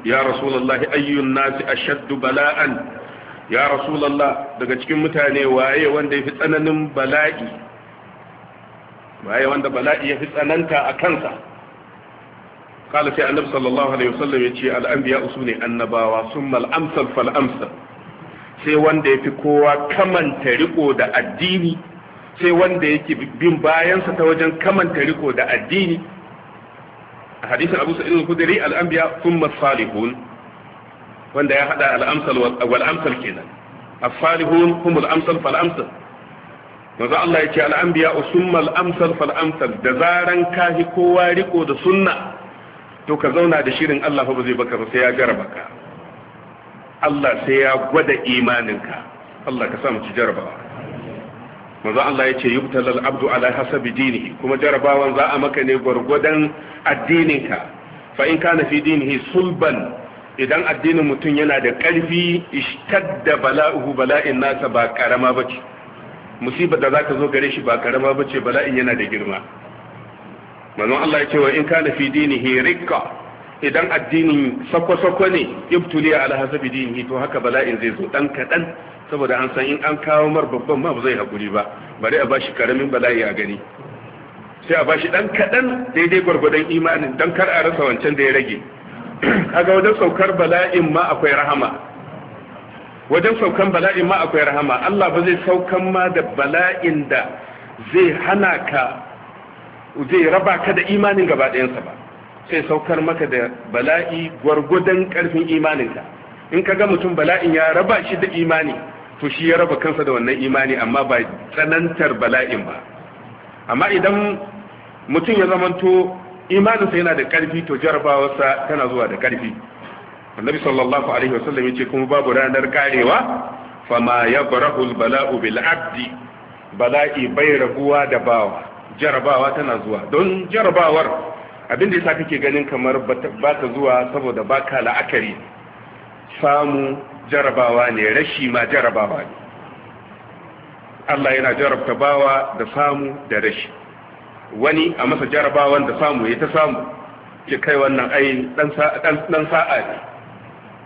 Speaker 1: ya rasulullahi ayyun nasi ashaddu bala'an ya rasulullah daga cikin mutane waye wanda yafi tsananin bala'i waye wanda bala'i yafi tsananta a kansa kala sai annabi sallallahu alaihi wasallam yace al-anbiya usune annabawa summa al-amsal fal amsal sai wanda yafi kowa kamanta riko da addini sai wanda yake bin bayansa ta wajen kamanta riko da addini hadisin abu sa'id al-khudri al-anbiya thumma salihun wanda ya hada al'amsal amsal wal kenan as-salihun hum al-amsal fal Allah ya ce anbiya thumma al-amsal Fal'amsal, da zaran kahi kowa riko da sunna to ka zauna da shirin Allah fa ba zai baka ba sai ya jaraba ka Allah sai ya gwada imaninka Allah ka sa mu ci jarabawa manzo Allah ya ce yubtalal abdu ala hasabi dinihi kuma jarabawan za a maka ne gwargwadon addininka fa in kana fi dinihi sulban idan addinin mutum yana da ƙarfi ishtadda bala'uhu bala'in nasa ba karama bace musibar da zaka zo gare shi ba karama bace bala'in yana da girma manzo Allah ya ce wa in kana fi dinihi rikka idan addinin sako-sako ne ibtuliya ala hasabi dinihi to haka bala'in zai zo dan kadan saboda an san in an kawo mar babban ma ba zai hakuri ba bari a bashi karamin bala'i a gani sai a bashi dan kaɗan daidai gwargwadon imanin dan kar a rasa wancan da ya rage kaga wajen saukar bala'in ma akwai rahama wajen saukan bala'in ma akwai rahama Allah ba zai saukan ma da bala'in da zai hana ka zai raba ka da imanin gaba ɗayansa ba sai saukar maka da bala'i gwargwadon ƙarfin imaninka in ka ga mutum bala'in ya raba shi da imani to shi ya raba kansa da wannan imani amma ba tsanantar bala'in ba amma idan mutum ya zamanto imaninsa yana da ƙarfi to jarabawarsa tana zuwa da ƙarfi annabi sallallahu alaihi wasallam yace kuma babu ranar karewa fama yabrahu albala'u bil abdi bala'i bai rabuwa da bawa jarabawa tana zuwa don jarabawar abin abinda yasa kake ganin kamar ba ta zuwa saboda baka la'akari samu jarabawa ne rashi ma jarabawa ne Allah yana jarabta bawa da samu da rashi wani a masa jarabawan da samu ya ta samu ya kai wannan ayin dan sa'a ne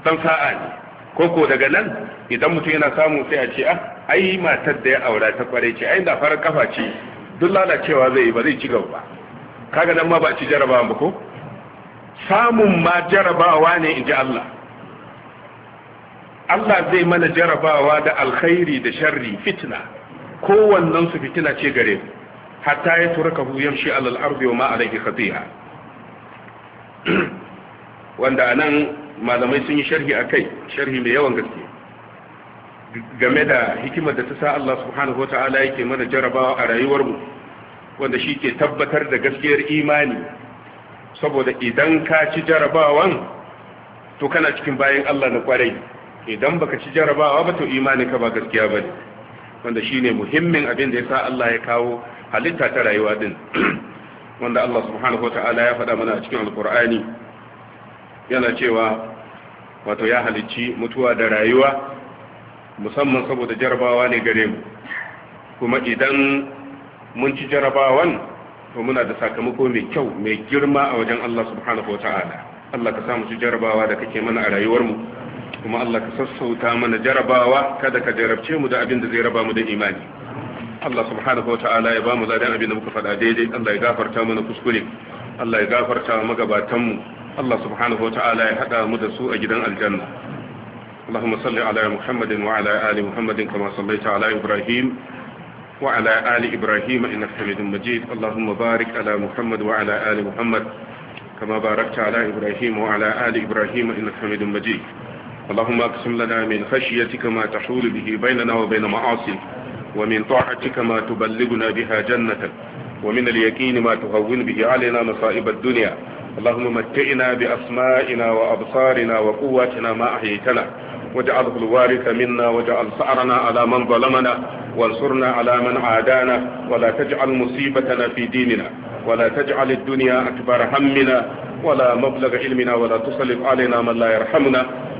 Speaker 1: dan sa'a ne koko daga nan idan mutum yana samu sai a ce ah ai matar da ya aura ta kware ce ai da farar kafa ce duk lalacewa zai yi ba zai ci gaba ba kaga nan ma ba ci jarabawa ba ko samun ma jarabawa ne in ji Allah Allah zai mana jarabawa da alkhairi da sharri fitna kowannen su fitina ce gare mu hatta ya turka hu yamshi alal ardi wa ma alayhi khatiha wanda anan malamai sun yi sharhi akai sharhi mai yawan gaske game da hikimar da ta sa Allah subhanahu Wata'ala yake mana jarabawa a rayuwar mu wanda shi ke tabbatar da gaskiyar imani saboda idan ka ci jarabawan to kana cikin bayan Allah na kwarai idan baka ci jarabawa ba to ka ba gaskiya bane wanda shine muhimmin abin da yasa Allah ya kawo halitta ta rayuwa din wanda Allah subhanahu wataala ya faɗa mana a cikin alkur'ani yana cewa wato ya halicci mutuwa da rayuwa musamman saboda jarabawa ne gare mu kuma idan mun ci jarabawan to muna da sakamako mai kyau mai girma a wajen Allah subhanahu wataala Allah ka sa mu ci jarabawa da kake mana a rayuwarmu kuma Allah ka sassauta mana jarabawa kada ka jarabce mu da abin da zai raba mu da imani Allah subhanahu wa ta'ala ya bamu mu ladan abin da muka faɗa daidai Allah ya gafarta mana kuskure Allah ya gafarta wa magabatan mu Allah subhanahu wa ta'ala ya hada mu da su a gidan aljanna اللهم صل على محمد وعلى آل محمد كما صليت على إبراهيم وعلى آل إبراهيم إنك حميد مجيد اللهم بارك على محمد وعلى آل محمد كما باركت على إبراهيم وعلى آل إبراهيم إنك حميد مجيد اللهم اقسم لنا من خشيتك ما تحول به بيننا وبين معاصيك ومن طاعتك ما تبلغنا بها جنتك ومن اليقين ما تهون به علينا مصائب الدنيا اللهم متئنا بأسمائنا وأبصارنا وقواتنا ما أحيتنا واجعله الوارث منا واجعل صعرنا على من ظلمنا وانصرنا على من عادانا ولا تجعل مصيبتنا في ديننا ولا تجعل الدنيا أكبر همنا ولا مبلغ علمنا ولا تسلط علينا من لا يرحمنا